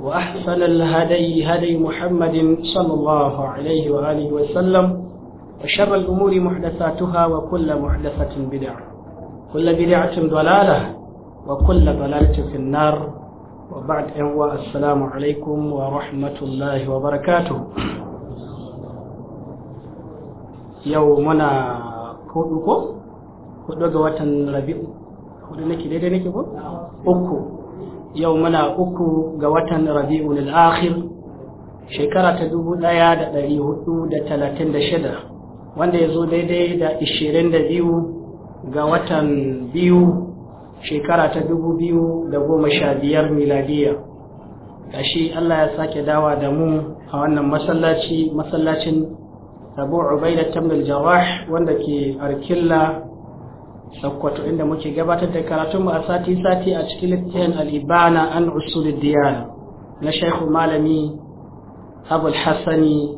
وأحسن الهدي هدي محمد صلى الله عليه وآله وسلم وشر الأمور محدثاتها وكل محدثة بدعة كل بدعة ضلالة وكل ضلالة في النار وبعد أن السلام عليكم ورحمة الله وبركاته يومنا كودكو كودو ga watan rabi'u kudu nake daidai nake ko uku yau muna uku ga watan rabi'ul al-akhir shekara ta dubu ɗaya da ɗari hudu da talatin da shida wanda ya zo daidai da ishirin da biyu ga watan biyu shekara ta dubu biyu da goma sha biyar miladiya shi Allah ya sake dawa da mu a wannan masallaci masallacin abu ubaida tamil jarrah wanda ke arkilla sakkwato inda muke gabatar da karatunmu a sati-sati a cikin littafin al'ibana an usulul diyana na shaikhu malami abul hassani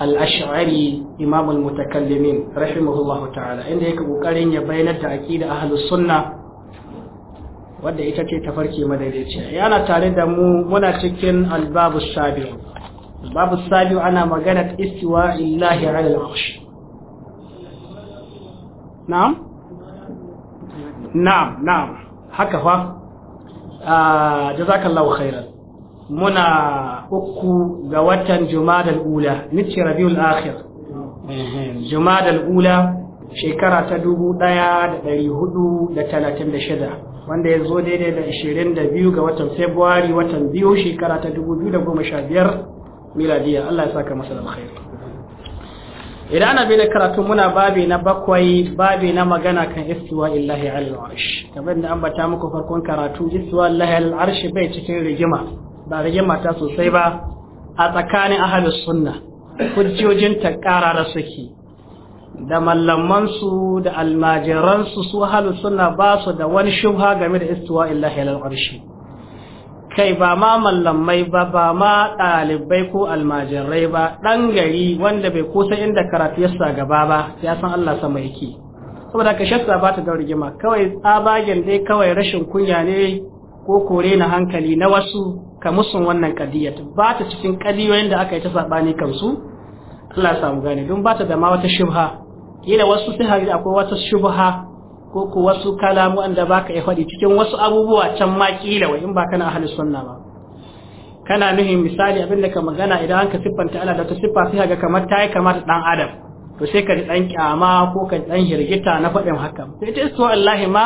al'ash'ari imamul mutakallimin rahimahullahu ta'ala inda yake kokarin ya bayyana da aqida ahlus sunna wadda ita ce tafarki madaidaiciya yana tare da mu muna cikin albabu sabiu babu sabi ana maganar istiwa'illahi 'ala al na'am na'am na'am haka fa ah, jazakallahu khairan muna uku ga watan jumadal ula nice rabiul akhir jumadal ula shekara ta dubu ɗaya da ɗari hudu da talatin da shida wanda ya zo daidai da ashirin da biyu ga watan februari watan biyu shekara ta dubu biyu da goma sha biyar miladiya allah ya saka masa da alkhairi idan ana bi da karatu muna babi na bakwai babi na magana kan istiwa illahi al'arsh kamar da ambata muku farkon karatu istiwa illahi bai cikin rigima ba rigima ta sosai ba a tsakanin ahlus sunna hujjojin ta karara suke da mallamansu da almajiransu su ahlus sunna ba su da wani shubha game da istiwa illahi al'arsh kai ba ma mallamai ba ba ma ɗalibai ko almajirai ba ɗan gari wanda bai kusa inda karatu ya sa gaba ba ya san Allah sama yake saboda ka shakka ba ta da rigima kawai tsabagen dai kawai rashin kunya ne ko kore na hankali na wasu ka musun wannan kadiyat ba ta cikin kadiyoyin da aka yi ta sabani kansu Allah samu gane don ba ta da wata shubha kila wasu sai hari akwai wata shubha ko ku wasu kalamu da baka ka faɗi cikin wasu abubuwa can ma kila wa in ba kana ahlus sunna ba kana nuhin misali abin da ka magana idan an ka siffanta Allah da ta siffa sai ga kamar ta yi kamar dan adam to sai ka ɗan kyama ko ka ɗan hirgita na faɗin haka sai ta isa wallahi ma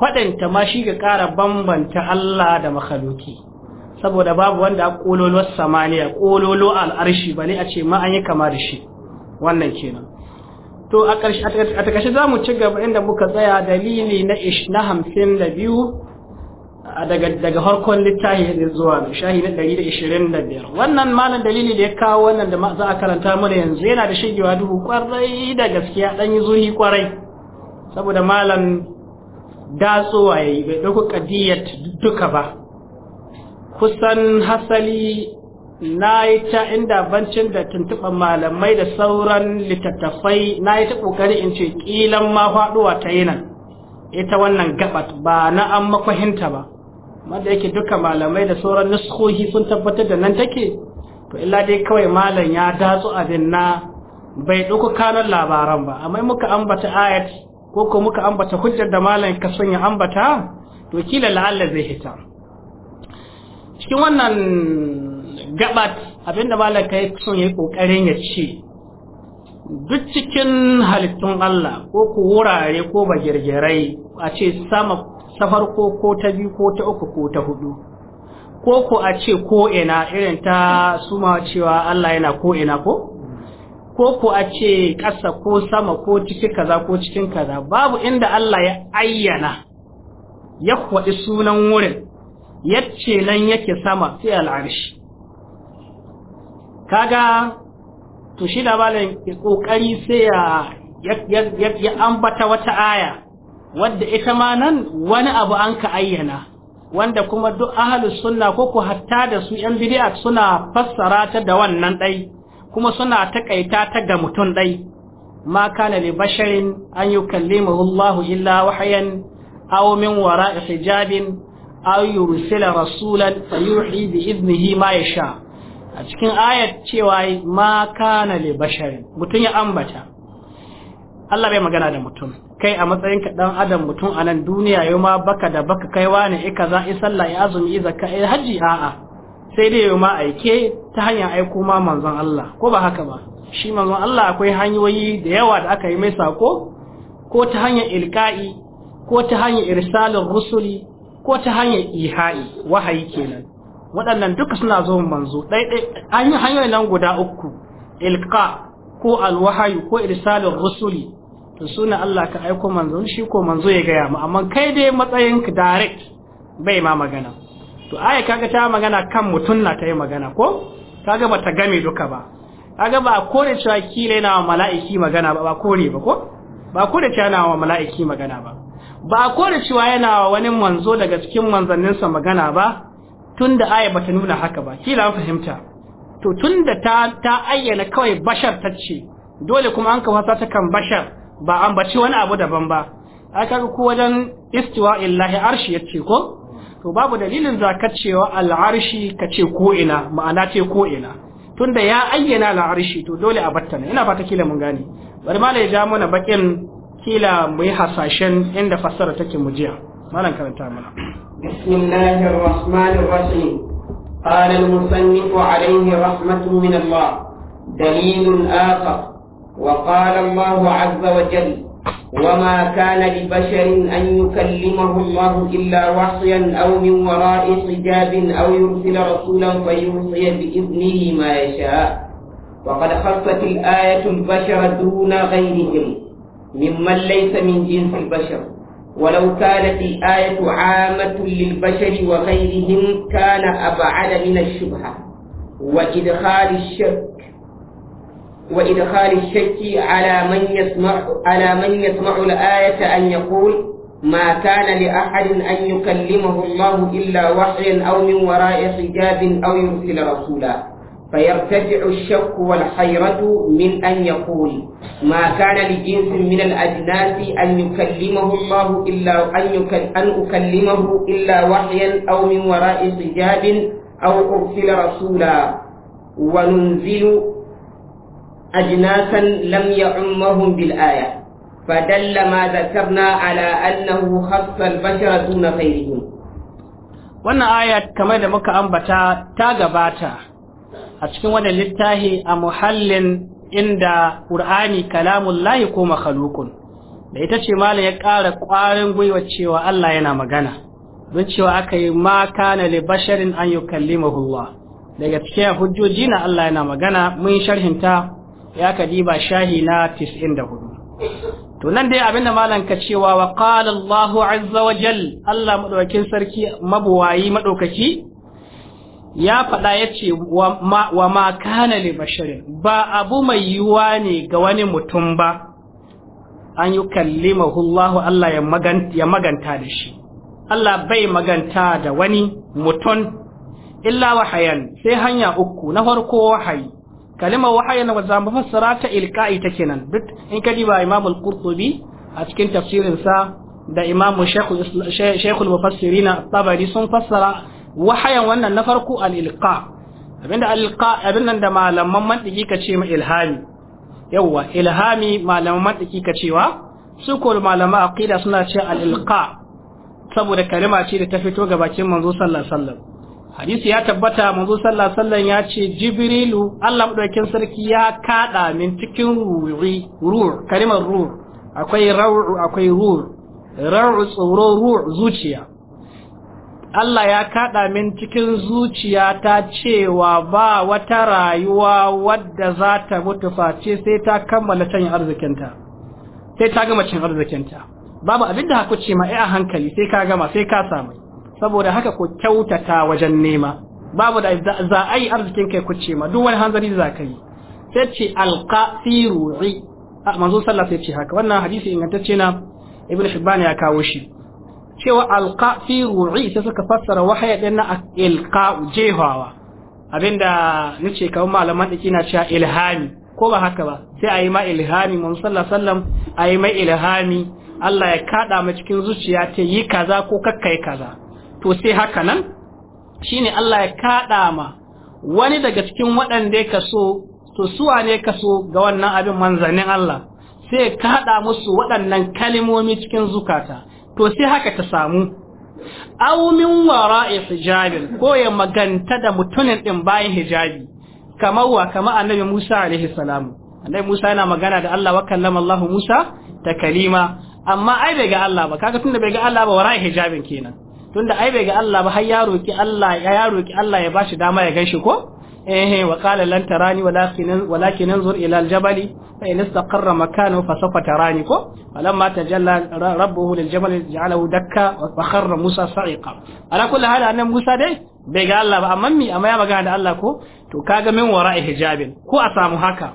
faɗinta ma shi ga ƙara bambanta Allah da makhluki saboda babu wanda kololo samaniya kololo al'arshi ne a ce ma an yi kama shi wannan kenan to a ƙarshe za mu ci gaba inda muka tsaya dalili na hamsin da biyu daga harkon littafi zuwa shahi na ɗari da ishirin da biyar wannan malam dalili da ya kawo wannan da za a karanta mana yanzu yana da shigewa duhu kwarai da gaskiya ɗan yi zuhi kwarai saboda malam datsowa ya yi bai ɗauko ƙadiyyar duka ba kusan hasali na yi ta inda bancin da tuntuɓar malamai da sauran littattafai na yi ta ƙoƙari in ce ƙilan ma faɗuwa ta yi nan ita wannan gabat ba na an makwahinta ba wanda yake duka malamai da sauran nuskohi sun tabbatar da nan take to illa dai kawai malam ya datsu abin na bai ɗauko kanan labaran ba amma muka ambata ayat ko ko muka ambata hujjar da malam ka son ya ambata to kila la'alla zai hita cikin wannan gabat abinda malaka ya son ya kokarin ya ce duk cikin halittun Allah ko ku wurare ko ba girgirai a ce sama safar ko ko ta biyu ko ta uku ko ta hudu ko ko a ce ko ina irin ta suma cewa Allah yana ko ina ko ko ko a ce ƙasa ko sama ko cikin kaza ko cikin kaza babu inda Allah ya ayyana ya kwaɗi sunan wurin yace nan yake sama sai al'arshi kaga to shi labarin kokari sai ya ya ambata wata aya wadda ita ma nan wani abu an ka ayyana wanda kuma duk ahlus sunna ko ku hatta da su yan bid'a suna fassara ta da wannan dai kuma suna takaita ta ga mutum dai ma kana li basharin an yukallimahu Allahu illa wahyan aw min wara'i hijabin aw yursila rasulan fayuhi bi idnihi ma yasha a cikin ayat cewa ma kana li basharin mutum ya ambata Allah bai magana da mutum kai a matsayin ka dan adam mutum a nan duniya yau ma baka da baka kai wani ika za sallah ya azumi i zakka i haji a'a sai dai yau ma aike ta hanyar aiko ma manzon Allah ko ba haka ba shi manzon Allah akwai hanyoyi da yawa da aka yi mai sako ko ta hanyar ilka'i ko ta hanyar irsalin rusuli ko ta hanyar iha'i wahayi kenan waɗannan duka suna zuwan manzo hanyar nan guda uku ilka ko alwahayu ko irsalin rusuli to suna Allah ka aiko manzo shi ko manzo ya gaya mu amma kai dai matsayin ka direct bai ma magana to aya kaga ta magana kan mutun na ta yi magana ko kaga bata game duka ba kaga ba kore cewa kila yana wa mala'iki magana ba ba kore ba ko ba kore cewa yana wa mala'iki magana ba ba kore cewa yana wa wani manzo daga cikin manzanninsa magana ba tunda aya ta nuna haka ba kila an fahimta to tunda ta ta ayyana kawai bashar ta ce dole kuma an kawasa ta kan bashar ba an baci wani abu daban ba ai kaga ko wajen istiwa illahi arshi yace ko to babu dalilin zakar cewa al'arshi ka ce ko ina ma'ana ce ko ina tunda ya ayyana al'arshi to dole a batta ina fata kila mun gane bari ma ya ja mana bakin kila mu yi hasashen inda fassara take mu jiya malam karanta mana بسم الله الرحمن الرحيم قال المصنف عليه رحمة من الله دليل آخر وقال الله عز وجل وما كان لبشر أن يكلمه الله إلا وحيا أو من وراء حجاب أو يرسل رسولا فيوصي بإذنه ما يشاء وقد خصت الآية البشر دون غيرهم ممن ليس من جنس البشر ولو كانت الآية عامة للبشر وغيرهم كان أبعد من الشبهة وإدخال الشك وإدخال الشك على من يسمع على من يسمع الآية أن يقول ما كان لأحد أن يكلمه الله إلا وحيا أو من وراء حجاب أو يرسل رسولا فيرتفع الشك والحيرة من أن يقول ما كان لجنس من الأجناس أن يكلمه الله إلا أن, يكلم أن أكلمه إلا وحيا أو من وراء حجاب أو أرسل رسولا وننزل أجناسا لم يعمهم بالآية فدل ما ذكرنا على أنه خص البشر دون غيرهم wannan ayat kamar da muka ambata ta gabata a cikin wannan littafi a muhallin inda ƙur'ani kalamun ko makhalukun da ita ce malam ya kara ƙwarin gwiwa cewa Allah yana magana don cewa aka yi ma kana li basharin an yukallimahu Allah daga cikin hujjoji na Allah yana magana mun sharhinta ya diba shahi na 94 to nan dai abinda malam ka cewa wa qala Allah azza wa jal Allah madaukakin sarki mabuwayi madaukaki ya faɗa ya ce wa ma li basharin ba abu mai yiwuwa ne ga wani mutum ba an yi kallimahu Allah ya maganta da shi Allah bai maganta da wani mutum illa wahayan sai hanya uku na farko wahayi kalimar wahayan wa zamu fassara ta ilka'i ta kenan duk in ka diba Imam al-Qurtubi a cikin tafsirin sa da Imam Sheikh Sheikh al tabari sun fassara wahayan wannan na farko al abinda al abin nan da malaman mantiki ka ce ma ilhami yawa ilhami malaman mantiki ka cewa su ko malama a ƙida suna ce al saboda kalima ce da ta fito ga bakin manzo sallallahu alaihi hadisi ya tabbata manzo sallar sallar ya ce jibrilu Allah madaukakin sarki ya kaɗa min cikin ruhi ruh kalimar ruh akwai rawu akwai ruh rawu tsoro ruh zuciya Allah ya kaɗa min cikin zuciya ta cewa ba wata rayuwa wadda za ta mutu face sai ta kammala cin arzikinta sai ta gama cin arzikinta babu abin da haku ce ma eh, a hankali sai ka gama sai ka samu saboda haka ku kyautata wajen nema babu da za arzikin kai ku ce ma duk wani hanzari za ka yi sai ce alqa manzo sai ce haka wannan hadisi ingantacce na ibnu ya kawo shi cewa alqa fi ru'i sai suka fassara wahaya din na ilqa jehawa abinda ce kawai malaman dake na cewa ilhami ko ba haka ba sai ayi ma ilhami mun sallah, sallam ayi mai ilhami Allah ya kaɗa ma cikin zuciya ta yi kaza ko kakkai kaza to sai haka nan shi ne Allah ya kaɗa ma wani daga cikin waɗanda ya kaso to suwa ne kaso ga wannan abin manzannin Allah sai ya kaɗa musu waɗannan kalimomi cikin zukata to sai haka ta samu aw min wara'i hijabin ko ya maganta da mutumin din bayan hijabi kamar wa kamar annabi Musa alaihi salamu annabi Musa yana magana da Allah wa kallama Allah Musa ta kalima amma ai bai ga Allah ba kaga tunda bai ga Allah ba wara'i hijabin kenan tunda ai bai ga Allah ba har ya roki Allah ya roki Allah ya bashi dama ya gaishe ko eh wa qala lan tarani walakin walakin anzur ila aljabal fa in istaqarra makanahu fa sawfa tarani ko falamma tajalla rabbuhu liljabal ja'alahu dakka wa kharra musa sa'iqa ala kulli hal annan musa dai bai ga Allah ba amma mi amma ya magana da Allah ko to kaga min wara'i hijabin ko a samu haka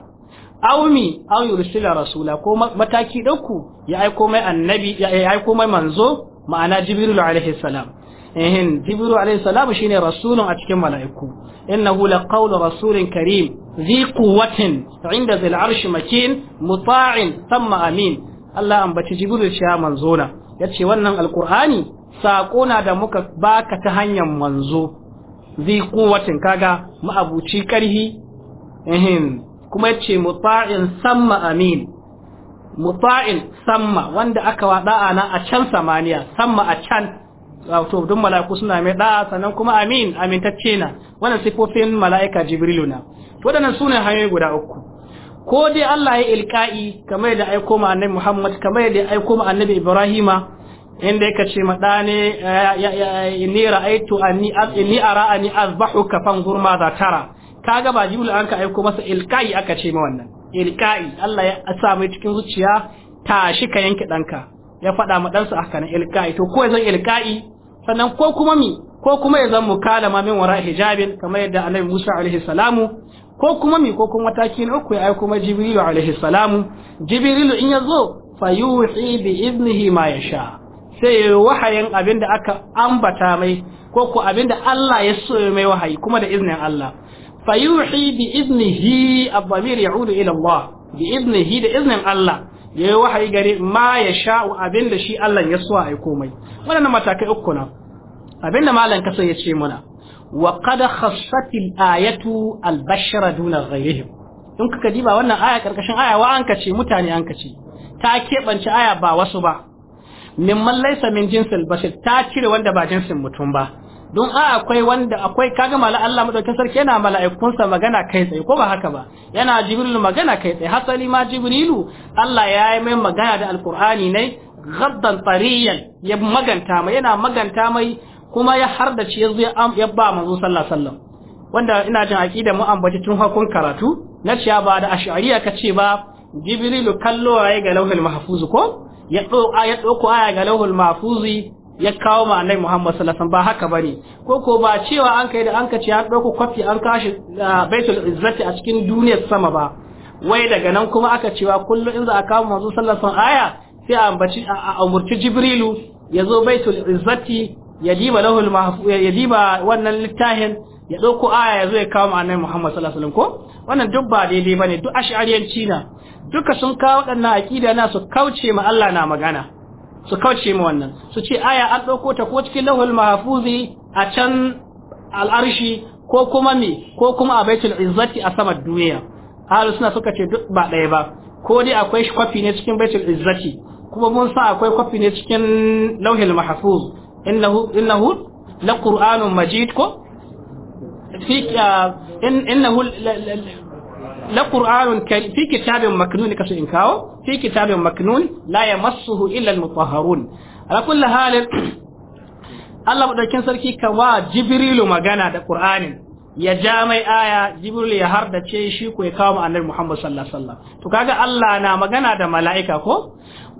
aumi aw yursila rasula ko mataki dauku ya aiko mai annabi ya aiko mai manzo ma'ana jibril alaihi salam ehin jibril alayhi salam shine rasulun a cikin mala'iku innahu laqawlu rasulin karim zi quwwatin inda zil arshi makin muta'in thumma amin Allah ambaci jibril cewa manzo na yace wannan alqur'ani sako na da muka baka ta hanyar manzo zi quwwatin kaga ma'abuci karhi ehin kuma yace muta'in thumma amin muta'in samma wanda aka wada ana a can samaniya samma a can to dun mala'iku suna mai da sannan kuma amin amintacce na wannan sifofin mala'ika jibrilu na wadannan sune hanyoyi guda uku ko dai Allah ya ilka'i kamar da aiko ma annabi Muhammad kamar da aiko ma annabi Ibrahima inda yake ce ma dane inni ra'aitu anni inni ara anni azbahuka fanzur ma za tara kaga ba jibril an ka aiko masa ilka'i aka ce ma wannan ilka'i Allah ya sa mai cikin zuciya tashi ka yanke danka ya faɗa ma ɗansa aka na ilka'i to ko zan ilka'i sannan ko kuma mi ko kuma ya zan mukalama min wara hijabin kamar yadda annabi Musa alaihi salamu ko kuma mi ko kuma mataki na uku ya aiko kuma Jibrilu alaihi salamu Jibrilu in yazo fa yuhi bi iznihi ma yasha sai wahayin abinda aka ambata mai ko ko abinda Allah ya so mai wahayi kuma da iznin Allah fa yuhi bi iznihi abamir yaudu ila Allah bi iznihi da iznin Allah yayi wahayi gare ma ya sha'u abinda shi Allah ya so ai komai wannan matakai uku na abinda malam kasa ya ce mana. wa qad khassatil ayatu al bashara duna ghayrihim in kuka diba wannan aya karkashin aya wa an kace mutane an kace ta keɓance aya ba wasu ba min man laysa min jinsil bashar ta cire wanda ba jinsin mutum ba don a akwai wanda akwai kaga mala Allah madaukakin sarki yana sa magana kai tsaye ko ba haka ba yana jibril magana kai tsaye hasali ma jibrilu Allah ya yi mai magana da alqur'ani ne gaddan tariyan ya maganta mai yana maganta mai kuma ya harda ya zo ya ba manzo sallallahu alaihi wanda ina jin aqida mu ambaci tun hakun karatu na ciya ba da ash'ariya kace ba jibrilu kallo ga lauhul mahfuz ko ya ɗauko aya ga lauhul mahfuzi ya kawo ma annabi Muhammad sallallahu alaihi wasallam ba haka bane ko ko ba cewa an kai da an kace ya dauko kwafi an kashi baitul izzati a cikin duniyar sama ba wai daga nan kuma aka cewa kullum in za a kawo manzo sallallahu alaihi aya sai a ambaci a umurci jibrilu ya zo baitul izzati ya diba lahul ya diba wannan littafin ya dauko aya ya zo ya kawo ma annabi Muhammad sallallahu alaihi wasallam ko wannan duk ba daidai bane duk ash'ariyanci na duka sun kawo waɗannan aƙida na su kauce ma Allah na magana su kauce mu wannan su ce aya an ɗauko ta ko cikin lahul mahafuzi a can al'arshi ko kuma me ko kuma a baitul izzati a samar duniya ahlus suna suka ce duk ba ɗaya ba ko dai akwai shi kwafi ne cikin baitul izzati kuma mun sa akwai kwafi ne cikin lauhil mahfuz innahu innahu la qur'anun majid ko fi ah, innahu la qur'anun fi kitabin maknun kasu in kawo fi kitabin maknun la yamassuhu illa al-mutahharun ala kulli halin Allah madaukin sarki kan wa Jibrilu magana da Qur'anin ya ja mai aya Jibrilu ya harda ce shi ko ya kawo annabi Muhammad sallallahu alaihi wasallam to kaga Allah na magana da mala'ika ko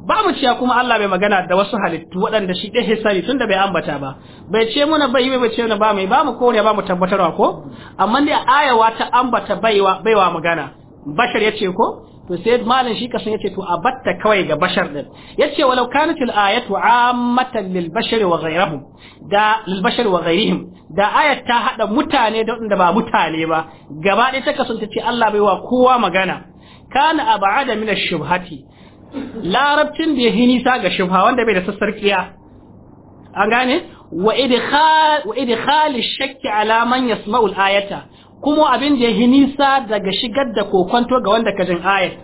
ba mu cewa kuma Allah bai magana da wasu halittu waɗanda shi ɗaya hisari tunda bai ambata ba bai ce muna bai yi bai ce muna ba mai ba mu kore ba mu tabbatarwa ko amma dai ayawa ta ambata baiwa baiwa magana bashar ce ko to sai malin shi kasan yace to abatta kawai ga bashar din yace walau kanatil ayatu ammatan lil bashari wa ghayrihim da lil wa da ayat ta hada mutane da wanda ba mutane ba gaba ɗaya ta kasance ce Allah bai wa kowa magana kana abada min ash-shubhati larabcin da ya hinisa ga shubha wanda bai da sassarkiya an gane wa idkhali shakki ala man yasma'u al-ayata kuma abin da ya hinisa daga shigar da kokonto ga wanda kajin ayat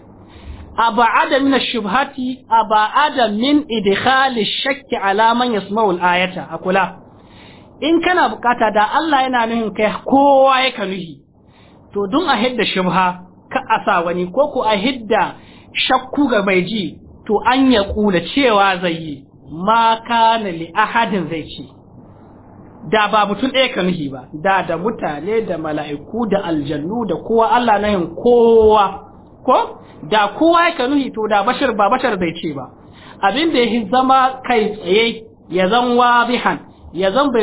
aba'ada min ash-shubhati aba'ada min idkhali shakki ala man yasma'u al-ayata akula in kana bukata da Allah yana nuhin kai kowa ya nuhi. to dun a hidda shubha ka asa wani ko ku a hidda shakku ga mai ji to an ya ƙuna cewa zai yi ma kana li ahadin zai ce. da ba mutum ɗaya kan nuhi ba da da mutane da mala'iku da aljannu da kowa Allah na yin kowa ko da kowa ya ka nuhi to da bashar ba bashar zai ce ba abin da ya zama kai tsaye ya zan wabihan ya zan bai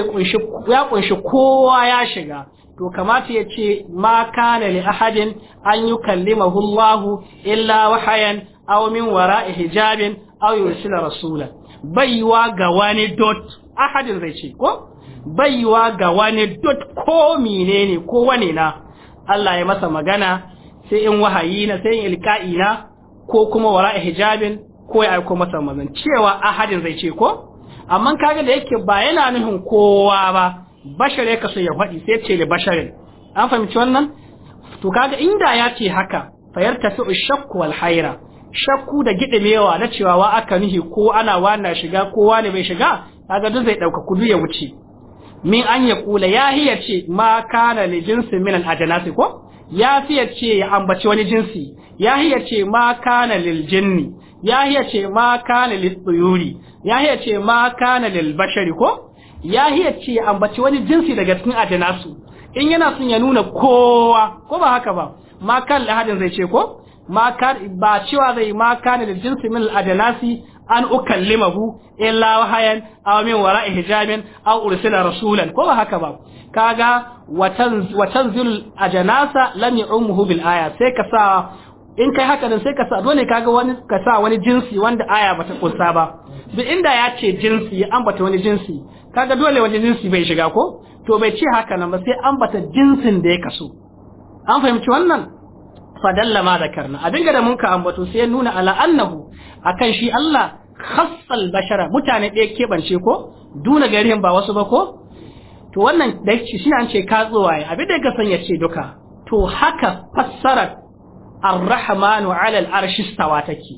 ya kunshi kowa ya shiga to kamata ya ce ma kana li ahadin an yi yukallimahu Allahu illa wahayan aw min wara'i hijabin aw yursila rasula baiwa ga wani dot ahadin zai ce ko baiwa ga wani dot ko menene ko wane na Allah ya masa magana sai in wahayi na sai in ilka'i na ko kuma wara'i hijabin ko ya aiko masa manzon cewa ahadin zai ce ko amma kaga da yake ba yana nufin kowa ba bashar ya kaso ya faɗi sai ce li basharin an fahimci wannan to kaga inda ya ce haka fayar tafi shakku wal haira shakku da gidimewa na cewa wa aka nihi ko ana wana shiga ko wani bai shiga kaga duk zai dauka kudu ya wuce min an ya kula ya hiya ce ma kana li jinsi min al ajnasi ko ya fiya ce ya ambaci wani jinsi ya hiya ce ma kana lil jinni ya hiya ce ma kana lit tuyuri ya hiya ce ma kana lil bashari ko ya hiya ce ambaci wani jinsi daga cikin ajinasu in yana sun ya nuna kowa ko ba haka ba makar lahadin zai ce ko makar ba cewa zai makar da jinsi min ajinasi an ukallimahu illa wahayan aw min wara'i hijabin an ursila rasulan ko ba haka ba kaga watan watanzil ajnasa lam yu'muhu bil aya sai ka sa in kai haka sai ka sa dole kaga wani ka sa wani jinsi wanda aya bata kusa ba duk inda ya ce jinsi ya ambata wani jinsi kaga dole wajen jinsi bai shiga ko to bai ce haka nan ba sai an bata jinsin da ya kaso an fahimci wannan fadalla ma a abin da mun ka ambato sai nuna ala annahu akan shi Allah khassal bashara mutane ɗaya keɓance ko duna garihin ba wasu ba ko to wannan da shi an ce katsowa ya abin da ya kasan ya ce duka to haka fassarar ar-rahmanu ala take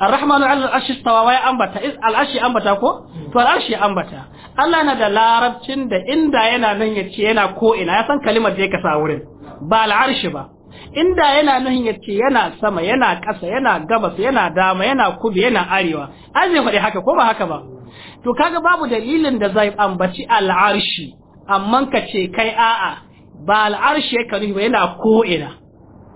Ar-Rahman ya arshi istawa wai ambata is al-Arshi ambata ko to al-Arshi ambata Allah na da larabcin da inda yana nan yace yana ko ina ya san kalimar da yake sa wurin ba al-Arshi ba inda yana nan yace yana sama yana ƙasa yana gabas yana dama yana kudu yana arewa an zai faɗi haka ko ba haka ba to kaga babu dalilin da zai ambaci al-Arshi amma ka ce kai a'a ba al-Arshi yake nufi yana ko ina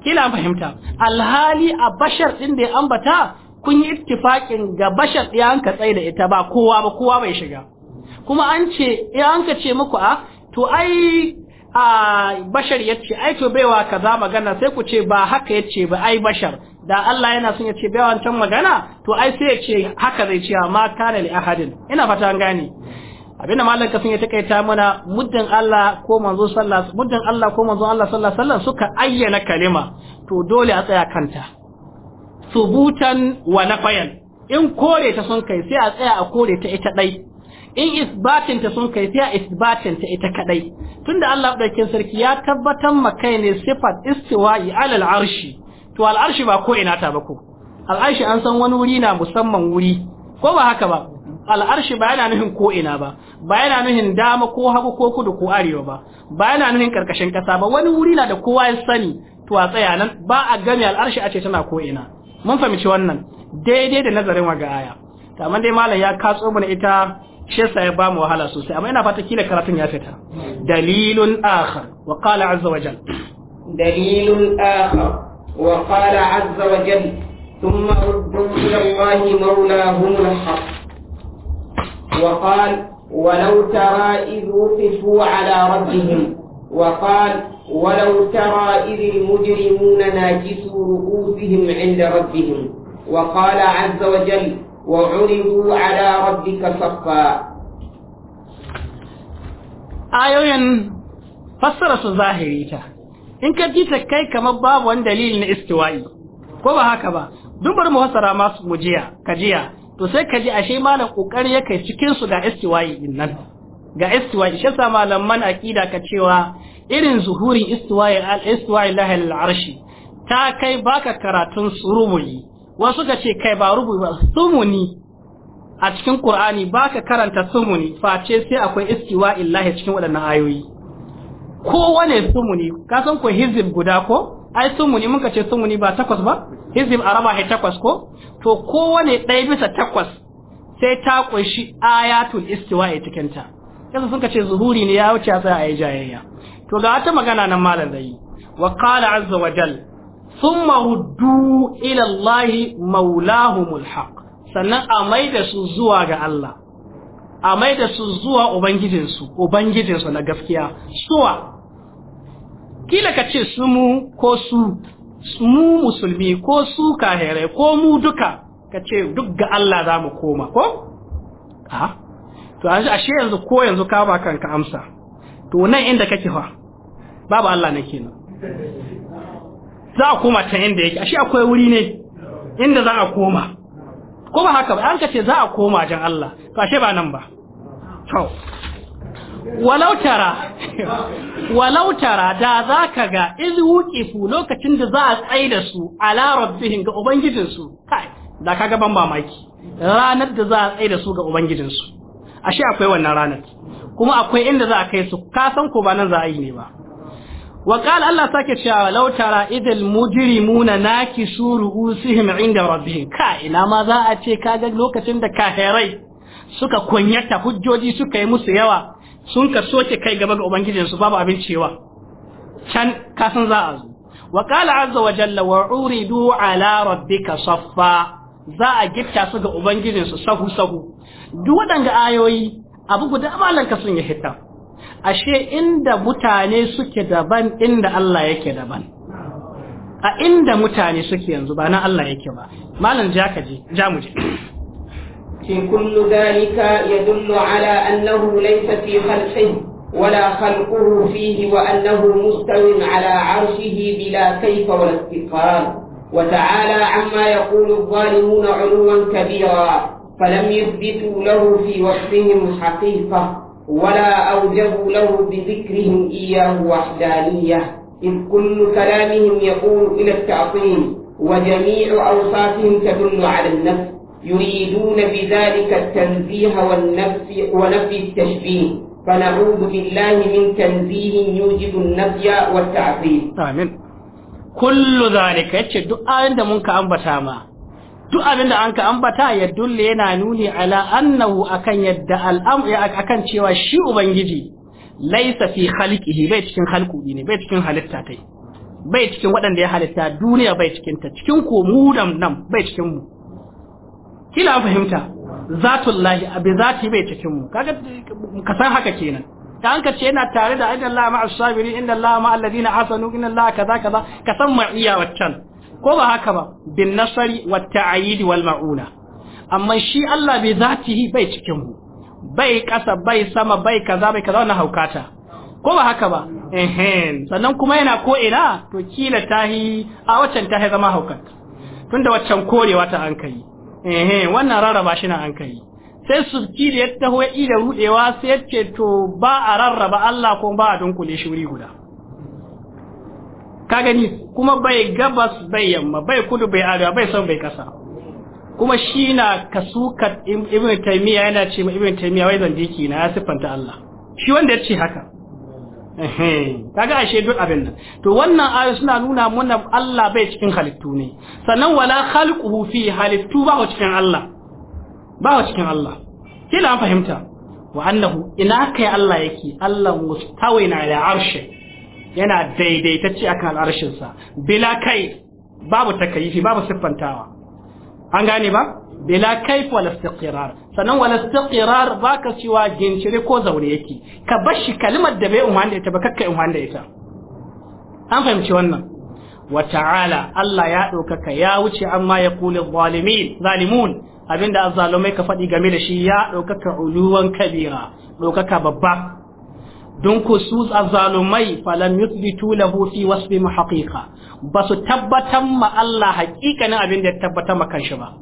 kila fahimta alhali a bashar din da ya ambata kun yi ittifakin ga bashar ya an ka tsaye da ita ba kowa ba kowa bai shiga kuma an ce ya eh, an ka ce muku a ah, to ai a bashar ya ce ai to baiwa ka za magana sai ku ce ba haka ya ce ba ai bashar da Allah yana son ya ce baiwa can magana to ai sai ya ce haka zai ce amma kana li ahadin ina fata an gane abinda mallan kafin ya takaita mana muddin Allah ko manzo sallallahu muddin Allah ko manzo Allah sallallahu alaihi wasallam suka ayyana kalima to dole a tsaya kanta subutan wa nafayan in kore ta sun kai sai a tsaya a kore ta ita ɗai. in isbatin ta sun kai sai a isbatin ta ita kaɗai. tunda Allah daukin sarki ya tabbatar ma kai ne sifat istiwa'i alal arshi to al ba ko ina ta ba ko al an san wani wuri na musamman wuri ko ba haka ba al'arshi ba yana nuhin ko'ina ba, ba yana nuhin dama ko hagu ko kudu ko arewa ba, ba yana nuhin karkashin kasa ba, wani wuri na da kowa ya sani to a tsaya nan ba a gami al'arshi a ce tana ko'ina. mun fahimci wannan daidai da nazarin wa ga aya Ta amma dai malam ya katso mana ita shi yasa ya bamu wahala sosai amma ina fata kila karatun ya fita dalilun akhar wa qala azza wa jal dalilun akhar wa qala azza wa jal thumma ruddu ila allahi mawlahum alhaq wa qala ولو ترى إذ وقفوا على ربهم وقال ولو ترى إذ المجرمون ناجسوا رؤوسهم عند ربهم وقال عز وجل وعرضوا على ربك صفا آيوين فسر ظاهريتا إن كديت كي كما باب وان دليل استوائي كما هكذا دمر مفسر ما مجيا كجيا to sai ka ji ashe malam kokari yake cikin su da ga istiwa shi yasa malaman akida ka cewa irin zuhurin istiwa al istiwa ilahi al arshi ta kai baka karatun surumuni wasu ka ce kai ba rubu ba sumuni a cikin qur'ani baka karanta sumuni face sai akwai istiwa ilahi cikin waɗannan ayoyi kowane sumuni ka san ko hizib guda ko ai sumuni muka ce sumuni ba takwas ba hizib araba he takwas ko to wane ɗaya bisa takwas sai ta ƙunshi ayatul istiwa'i cikinta yasa suka ce zuhuri ne ya wuce sai a yi jayayya to ga wata magana nan malam zai wa qala azza wa jal thumma ruddu ila Allah maulahumul haq sannan a da su zuwa ga Allah a da su zuwa ubangijinsu ubangijinsu na gaskiya suwa kila ka ce su mu ko su mu musulmi ko su kahirai ko mu duka ka ce duk ga Allah za mu koma ko? Ah? to ashe yanzu ko yanzu ka ba kanka amsa to nan inda kake fa babu Allah ne kenan za a koma ta inda yake ashe akwai wuri ne inda za a koma ko ba haka ba an kace za a koma jan Allah to ashe ba nan ba to walau tara walau tara da ka ga iz wukifu lokacin da za a tsaye da su ala rabbihin ga ubangijinsu kai da ga ban mamaki ranar da za a tsaye da su ga ubangijinsu ashe akwai wannan ranar kuma akwai inda za a kai su ka san ko ba nan za a yi ne ba wa qala Allah sake cewa law tara idil mujrimuna nakisu ru'usihim inda rabbihim ka ina ma za a ce kaga lokacin da kahirai suka kunyata hujjoji suka yi musu yawa sun ka soke kai gaba ga su babu abin cewa can kasan za a zo wa qala azza wa jalla wa uridu ala rabbika saffa za a gifta su ga ubangijinsu sahu sahu duk waɗanda ayoyi abu guda malanka sun yi hita ashe inda mutane suke daban inda Allah yake daban a inda mutane suke yanzu ba na Allah yake ba malam ja ka je ja mu je في كل ذلك يدل على أنه ليس في خلقه ولا wa فيه وأنه مستو على عرشه بلا كيف والاستقرار وتعالى عما يقول الظالمون علوا كبيرا فلم يثبتوا له في وصفهم حقيقة ولا أوجبوا له بذكرهم إياه وحدانية إذ كل كلامهم يقول إلى التعطيل وجميع أوصافهم تدل على النفس يريدون بذلك التنزيه والنفس ونفي التشبيه فنعوذ بالله من تنزيه يوجب النفي والتعطيل آمين kullu zalika yace duk ayin da mun ka ambata ma duk abin da an ka ambata ya dulle yana nuni ala annahu akan yadda al'am ya akan cewa shi ubangiji laisa fi khalqihi bai cikin halku ne bai cikin halitta tai bai cikin waɗanda ya halitta duniya bai cikin ta cikin ko mu nan bai cikin mu kila fahimta zatullahi abi zati bai cikin mu kaga ka san haka kenan da an ka ce yana tare da inda Allah ma'a sabirin inda Allah ma'a alladhina hasanu inda Allah kaza kaza ka san ma'iya waccan ko ba haka ba bin nasari wat ta'yid wal ma'una amma shi Allah bai zatihi bai cikin mu bai kasa bai sama bai kaza bai kaza wannan haukata ko ba haka ba ehen sannan kuma yana ko ina to kila tahi a waccan tahi zama haukata tunda waccan korewa ta an kai ehen wannan rarraba shi na an kai sai su fi da ya taho ya da rudewa sai ce to ba a rarraba Allah ko ba a dunkule shi wuri guda ka gani kuma bai gabas bai yamma bai kudu bai arewa bai son bai kasa kuma shi na ka ibn taymiya yana ce ma ibn taymiya wai zan jiki na ya siffanta Allah shi wanda ya ce haka kaga ashe duk abin nan to wannan ayoyi suna nuna mana Allah bai cikin halittu ne sannan wala khalquhu fi halittu ba cikin Allah ba wa cikin Allah kila an fahimta wa annahu ina kai Allah yake Allah mustawai na da arshe yana daidaitacce akan al'arshin sa bila kai babu takayifi babu siffantawa an gane ba bila kai wal istiqrar sanan wal istiqrar baka cewa gincire ko zaune yake ka bashi kalmar da bai umman da ita ba kakkai umman da ita an fahimci wannan wa ta'ala Allah ya ɗaukaka ya wuce amma ya kula zalimin zalimun abinda azalumai ka faɗi game da shi ya ɗaukaka uluwan kabira ɗaukaka babba don ku su azzalumai falam yuthbitu lahu fi wasfi haqiqa ba su tabbatar ma Allah haƙiƙanin abin da ya tabbatar ma kanshi ba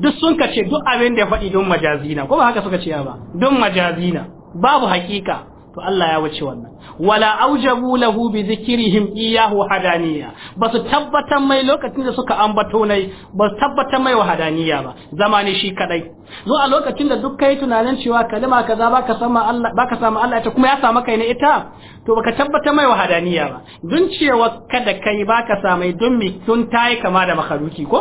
duk sun ka ce duk abin da ya faɗi don majazina ko ba haka suka ce ba don majazina babu haƙiƙa to Allah ya wuce wannan wala aujabu lahu bi zikrihim iyahu hadaniya su tabbatar mai lokacin da suka ambato nai su tabbatar mai wahadaniya ba zamani shi kadai zo a lokacin da duk kai tunanin cewa kalima kaza baka sama Allah baka sama Allah ita kuma ya samu kai ne ita to baka tabbatar mai wahadaniya ba dun cewa kada kai baka samai dun mi tun tayi kama da makaruki ko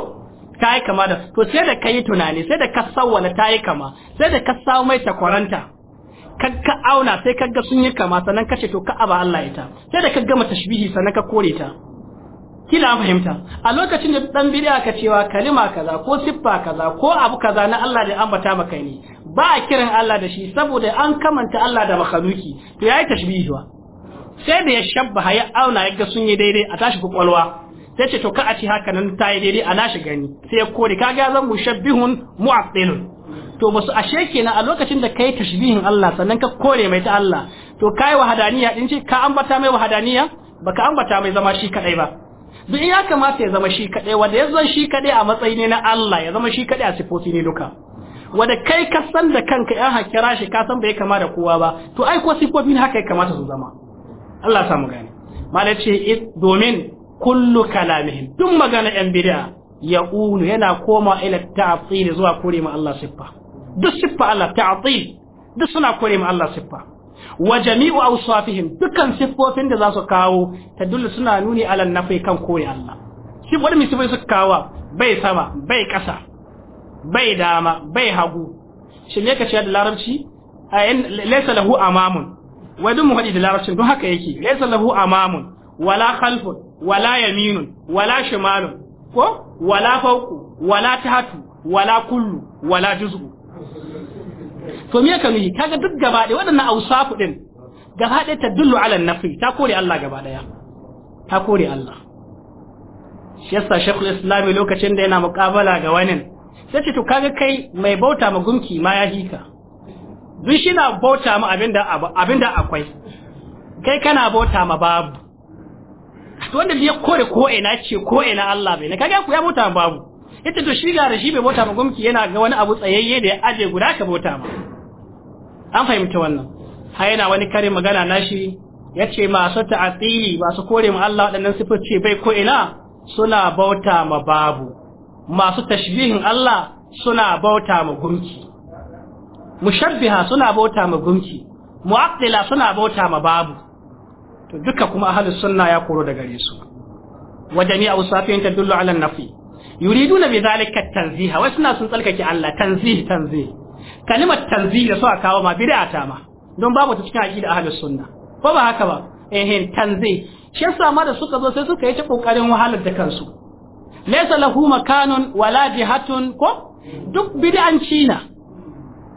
tayi kama da to sai da kai tunani sai da ka sawwala tayi kama sai da ka samu mai takwaranta Ka auna sai kaga sun yi kama sannan kace to ka aba Allah ita sai da ka gama tashbihi sannan ka kore ta kila an fahimta a lokacin da dan bid'a ka cewa kalima kaza ko siffa kaza ko abu kaza na Allah da ambata maka ne ba a kiran Allah da shi saboda an kamanta Allah da makhluki to yayi tashbihi wa sai da ya shabbaha ya auna ya ga sun yi daidai a tashi kwakwalwa sai ce to ka a ci haka nan ta yi daidai a nashi gani sai ya kore kaga ga zan mushabbihun mu'attilun to ba su ashe kenan a lokacin da yi tashbihin Allah sannan ka kore mai ta Allah to kai wahadaniya din ce ka ambata mai wahadaniya baka ambata mai zama shi kaɗai ba duk ya kamata ya zama shi kadai wanda ya zama shi kaɗai a matsayi ne na Allah ya zama shi kadai a sifofi ne duka wanda kai ka san da kanka ya hakira shi ka san bai kama da kowa ba to ai ko sifofin haka ya kamata su zama Allah samu gane malai ce domin kullu kalamihim duk magana yan bid'a unu yana koma ila ta'til zuwa kore ma Allah siffa duk siffa Allah ta'til duk suna kore ma Allah siffa wa jami'u awsafihim dukkan siffofin da za su kawo tadullu suna nuni ala nafi kan kore Allah shi wani misifai suka kawo bai sama bai kasa bai dama bai hagu shi ne ka ce da larabci laysa lahu amamun wai duk mu da larabcin don haka yake laysa lahu amamun wala khalfun wala yaminun wala shimalun ko wala fawqu wala tahtu wala kullu wala juz'u to me ka nuhi kaga duk gaba ɗaya waɗannan ausafu din gaba ɗaya dullu ala nafi ta kore Allah gaba ɗaya ta kore Allah shi yasa shekul islami lokacin da yana muƙabala ga wani sai ce to kaga kai mai bauta ma gumki ma ya hika duk shi na bauta ma abinda akwai kai kana bauta ma babu to wanda ya kore ko ina ce ko ina Allah bai ne kaga ku ya bauta ma babu yace to shi da shi bai bauta ma gumki yana ga wani abu tsayayye da ya aje guda ka bauta ma an fahimta wannan ha yana wani karin magana nashi yace masu ta'atili masu kore mu Allah waɗannan ce bai ko ina suna bauta ma babu masu tashbihin Allah suna bauta ma gumki mushabbiha suna bauta ma gumki mu'attila suna bauta ma babu to duka kuma ahlus sunna ya koro da gare su wa jami'u usafin tadullu ala nafi yuriduna bi zalika tanziha wai suna sun tsalkake Allah tanzih tanzih kalimar tanzih da suka kawo ma bid'a ta ma don babu ta cikin aqida ahlus sunna ko ba haka ba eh, eh tanzih shi yasa ma da suka zo sai suka yi ta kokarin wahalar da kansu laysa lahu makanun wala jihatun ko duk bid'anci na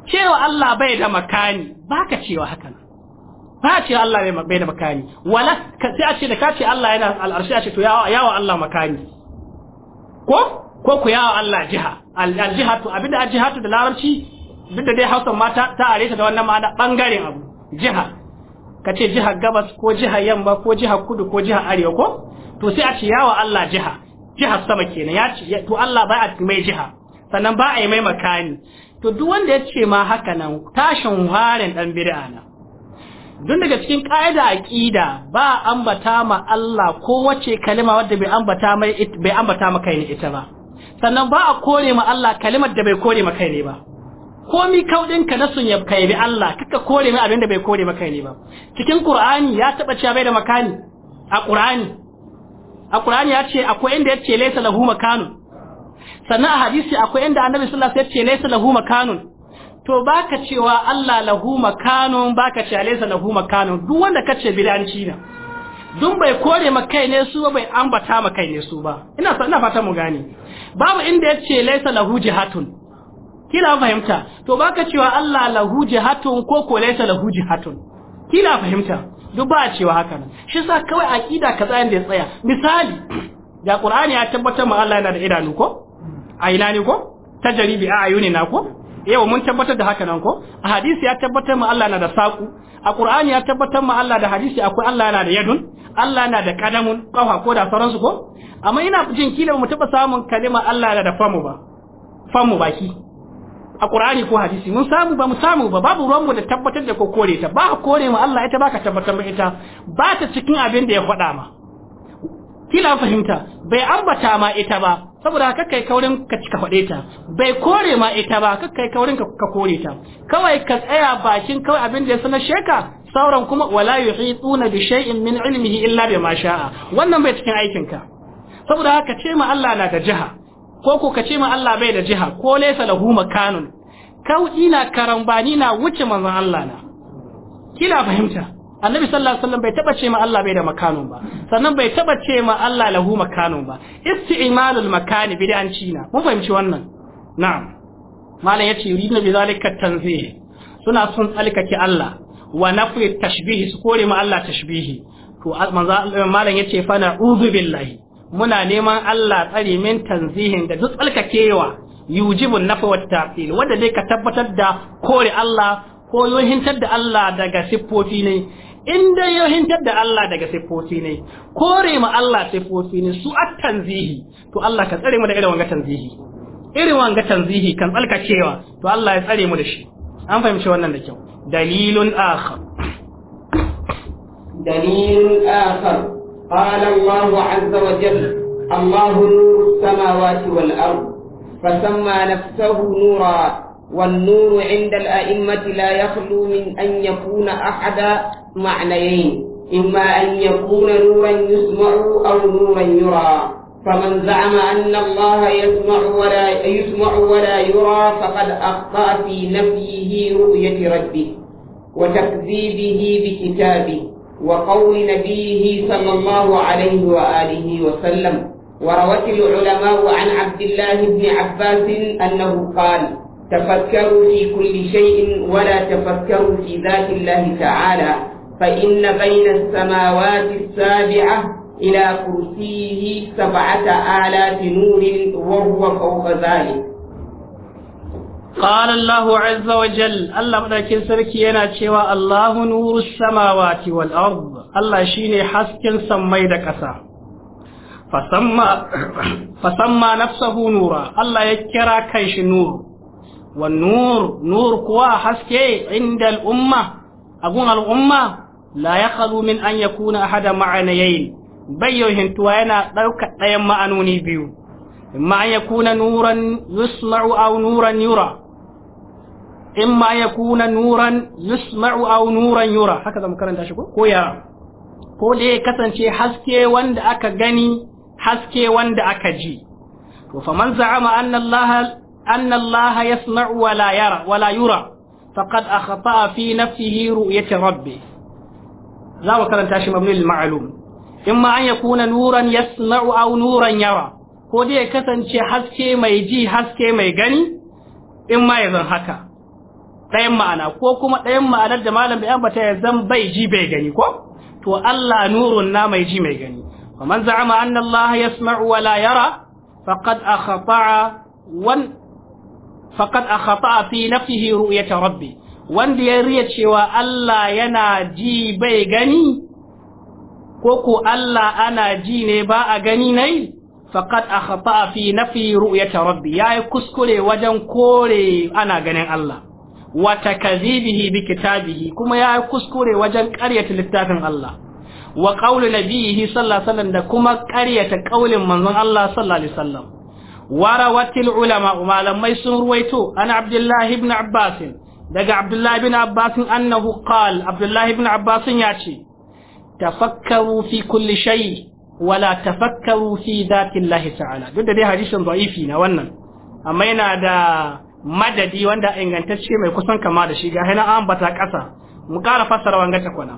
cewa Allah bai da makani baka cewa haka. ba a ce Allah bai da makani wala sai a ce da ka ce Allah yana al'arshi a ce to yawa Allah makani ko ko ku yawa Allah jiha aljihatu abinda aljihatu da larabci duk da dai hausa mata ta are ta da wannan ma'ana bangaren abu jiha kace jiha gabas ko jiha yamma ko jiha kudu ko jiha arewa ko to sai a ce yawa Allah jiha jiha sama kenan ya ce to Allah ba a mai jiha sannan ba a yi mai makani to duk wanda ya ce ma haka nan tashin warin dan bid'a na don daga cikin ƙa'ida ƙida ba ambata ma Allah ko wace kalima wadda bai ambata mai bai ambata ma kai ne ita ba sannan ba a kore ma Allah kalimar da bai kore ma kai ne ba Ko mi kaudin ka na sun ya kai bi Allah kika kore mai abin da bai kore ma kai ne ba cikin Qur'ani ya taba cewa bai da makani a Qur'ani a Qur'ani ya ce akwai inda ya ce laysa lahu makanun sannan a hadisi akwai inda Annabi sallallahu alaihi wasallam ya ce laysa lahu makanun to baka cewa Allah lahu makanun baka ce alaysa lahu makanon duk wanda kace bid'anci na dun bai kore ma kai ne su bai ambata ma kai ne su ba ina ina fata mu gane babu inda yace laysa lahu jihatun kila fahimta to baka cewa Allah lahu jihatun ko ko laysa lahu jihatun kila fahimta duk ba a cewa haka nan shi sa kawai akida kaza yanda ya tsaya misali da Qur'ani ya tabbatar ma Allah yana da idanu ko a ina ne ko tajribi a ayuni na ko yau mun tabbatar da haka nan ko a hadisi ya tabbatar ma Allah na da saku a Qur'ani ya tabbatar ma Allah da hadisi akwai Allah yana da yadun Allah yana da kadamun kafa ko da sauransu ko amma ina jin kila mu taba samun kalima Allah yana da famu ba famu baki a Qur'ani ko hadisi mun samu ba mu samu ba babu ruwan mu da tabbatar da ko kore ta ba kore mu Allah ita baka tabbatar mu ita ba ta cikin abin da ya faɗa ma kila fahimta bai ambata ma ita ba saboda kakai kai kaurin ka cika faɗe ta bai kore ma ita ba kakai kai kaurin ka kore ta kawai ka tsaya bakin kawai abin da ya sanar sheka sauran kuma wala yuhituna bi shay'in min ilmihi illa bima sha'a wannan bai cikin aikin ka saboda haka ce ma Allah na da jiha ko ko ka ce ma Allah bai da jiha ko laysa lahu makanun kauɗi na karambani na wuce manzon Allah na kila fahimta annabi sallallahu alaihi wasallam bai taba ce ma Allah bai da makanun ba sannan bai taba ce ma Allah lahu makanun ba isti'malul makani bid'anci na mun fahimci wannan na'am malam yace yuridna bi zalika tanzih suna sun tsalkake Allah wa nafi tashbihi su kore ma Allah tashbihi to manzo malam yace fa na'udhu billahi muna neman Allah tsare min tanzihin da duk tsalkakewa yujibun nafi wa ta'til wanda dai ka tabbatar da kore Allah ko yohintar da Allah daga siffofi ne in dai ya hintar da Allah daga siffofi ne kore ma Allah siffofi ne su at tanzihi to Allah ka tsare mu da irin wanga tanzihi irin wanga tanzihi kan cewa, to Allah ya tsare mu da shi an fahimci wannan da kyau dalilun akhar dalilun akhar qala Allah azza wa jalla الله نور السماوات na فسمى نفسه نورا والنور عند الأئمة لا يخلو من أن يكون أحد معنيين إما أن يكون نورا يسمع أو نورا يرى فمن زعم أن الله يسمع ولا يسمع ولا يرى فقد أخطأ في نفيه رؤية ربه وتكذيبه بكتابه وقول نبيه صلى الله عليه وآله وسلم وروت العلماء عن عبد الله بن عباس أنه قال تفكروا في كل شيء ولا تفكروا في ذات الله تعالى فإن بين السماوات السابعة إلى كرسيه سبعة آلاف نور وهو فوق ذلك قال الله عز وجل الله لكن سركي أنا شوى الله نور السماوات والأرض الله شيني حسك سمي دكسا فسمى فسمى نفسه نورا الله يكرا كيش نور wa nur nur kuwa haske inda al'umma a al'umma la ya kalu min an ya kuna a hada ma'anayayin bayyau hintuwa yana ɗauka ɗayan ma'anoni biyu imma an ya kuna nuran yusma'u a yura imma ya kuna nuran yusma'u a nuran yura haka zama karanta shi ko ya ko da ya kasance haske wanda aka gani haske wanda aka ji to fa man za'ama anna allaha أن الله يسمع ولا يرى ولا يرى فقد أخطأ في نفسه رؤية ربه لا وكان تاشي مبني للمعلوم إما أن يكون نورا يسمع أو نورا يرى ko dai ya kasance haske mai ji haske mai gani in ma ya haka ɗayan ma'ana ko kuma ɗayan ma'anar da malam bai ambata ya bai ji bai gani ko to Allah nurun na mai ji mai gani wa man za'ama anna Allah yasma'u wa la yara faqad akhata'a wan faqad akhata fi nafsihi ru'yata rabbi wanda ya riya cewa Allah yana ji bai gani ko ko Allah ana ji ne ba a gani nai faqad akhata fi nafi ru'yata rabbi yayi kuskure wajen kore ana ganin Allah wa takzibihi bi kitabihi kuma yayi kuskure wajen ƙaryata littafin Allah wa qawli nabiyhi sallallahu alaihi wasallam da kuma ƙaryata ƙaulin manzon Allah sallallahu alaihi wasallam Wara warawatil ulama malamai sun ruwaito Ana abdullahi ibn abbas daga abdullahi ibn abbas annahu qal abdullahi ibn abbas ya ce tafakkaru fi kulli shay wala tafakkaru fi dhatillahi ta'ala duk da dai hadisin da'ifi na wannan amma yana da madadi wanda ingantacce mai kusan kama da shi ga hana an bata kasa mu ƙara fassara wanga ta kwana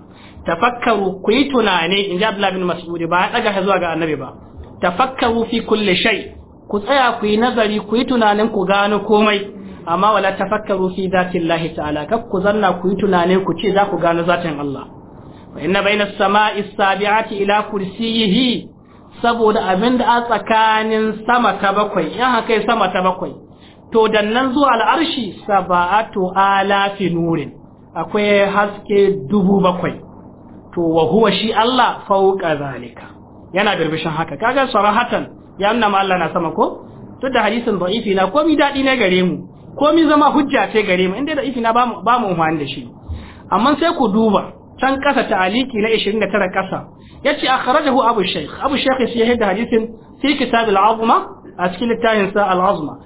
tafakkaru ku yi tunani in ji abdullahi ibn mas'ud ba daga zuwa ga annabi ba tafakkaru fi kulli ku tsaya ku yi nazari ku yi tunanin ku gano komai amma wala tafakkaru fi zatillahi ta'ala kar ku zanna ku yi tunanin ku ce za ku gano zatin Allah wa inna bainas sama'i sabi'ati ila kursiyihi saboda abin da a tsakanin sama ta bakwai ya haka sama ta bakwai to nan zuwa al'arshi saba'atu alafi nurin akwai haske dubu bakwai to wa huwa shi Allah fauka zalika yana birbishin haka kaga sarahatan ya nuna ma Allah na sama ko to da hadisin da'ifi na komi daɗi ne gare mu komi zama hujja ce gare mu inda da'ifi na ba mu ba da shi amma sai ku duba can kasa Aliki na 29 kasa yace akhrajahu abu shaykh abu shaykh shi ya da hadisin fi kitab al-azma a cikin littafin sa al-azma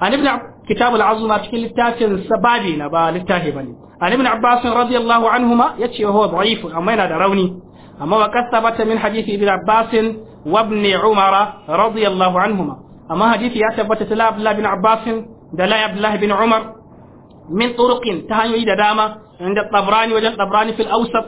an ibn kitab al-azma cikin littafin sabadi na ba littafi bane an ibn abbas radiyallahu anhuma yace huwa da'if amma yana da rauni أما وقد ثبت من حديث ابن عباس وابن عمر رضي الله عنهما أما حديث يثبت لا عبد بن عباس دلا عبد الله بن عمر من طرق تهان يد داما عند الطبراني وجد الطبراني في الأوسط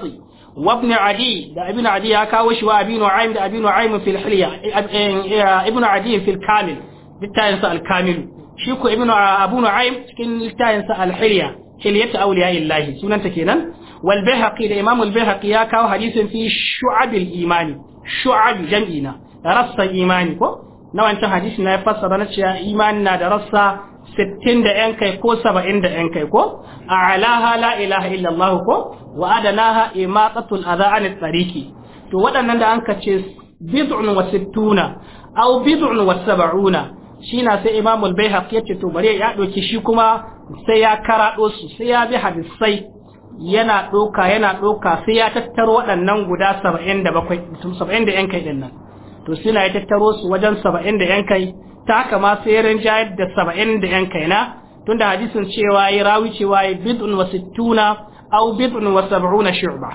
وابن عدي ابن عدي أكاوش وابي نعيم ابن نعيم في الحلية إيه، إيه، ابن عدي في الكامل بالتالي الكامل شيكو ابن ابو نعيم كن التاين سأل حلية حلية أولياء الله سنة كينا wal bihaqi da imam al bihaqi ya kawo hadisin fi shu'abil imani shu'ab jam'ina rassan imani ko na wancan hadisi na ya na cewa imani na da rassa 60 da yan kai ko 70 da yan kai ko a'laha la ilaha illallah ko wa adanaha imatatul adha anit tariqi to waɗannan da an kace bid'un wa sittuna aw bid'un wa sab'una shina sai imamul ya ce to bare ya ɗauki shi kuma sai ya karado su sai ya bi hadisai yana ɗoka yana ɗoka sai ya tattaro waɗannan guda saba'in da bakwai saba'in da yankai ɗin nan to suna ya tattaro su wajen saba'in da yankai ta haka ma sai ya rinjayar da saba'in da yankai na tunda hadisin cewa ya rawi cewa ya bid'un wa sittuna au bid'un wa sab'una shu'ba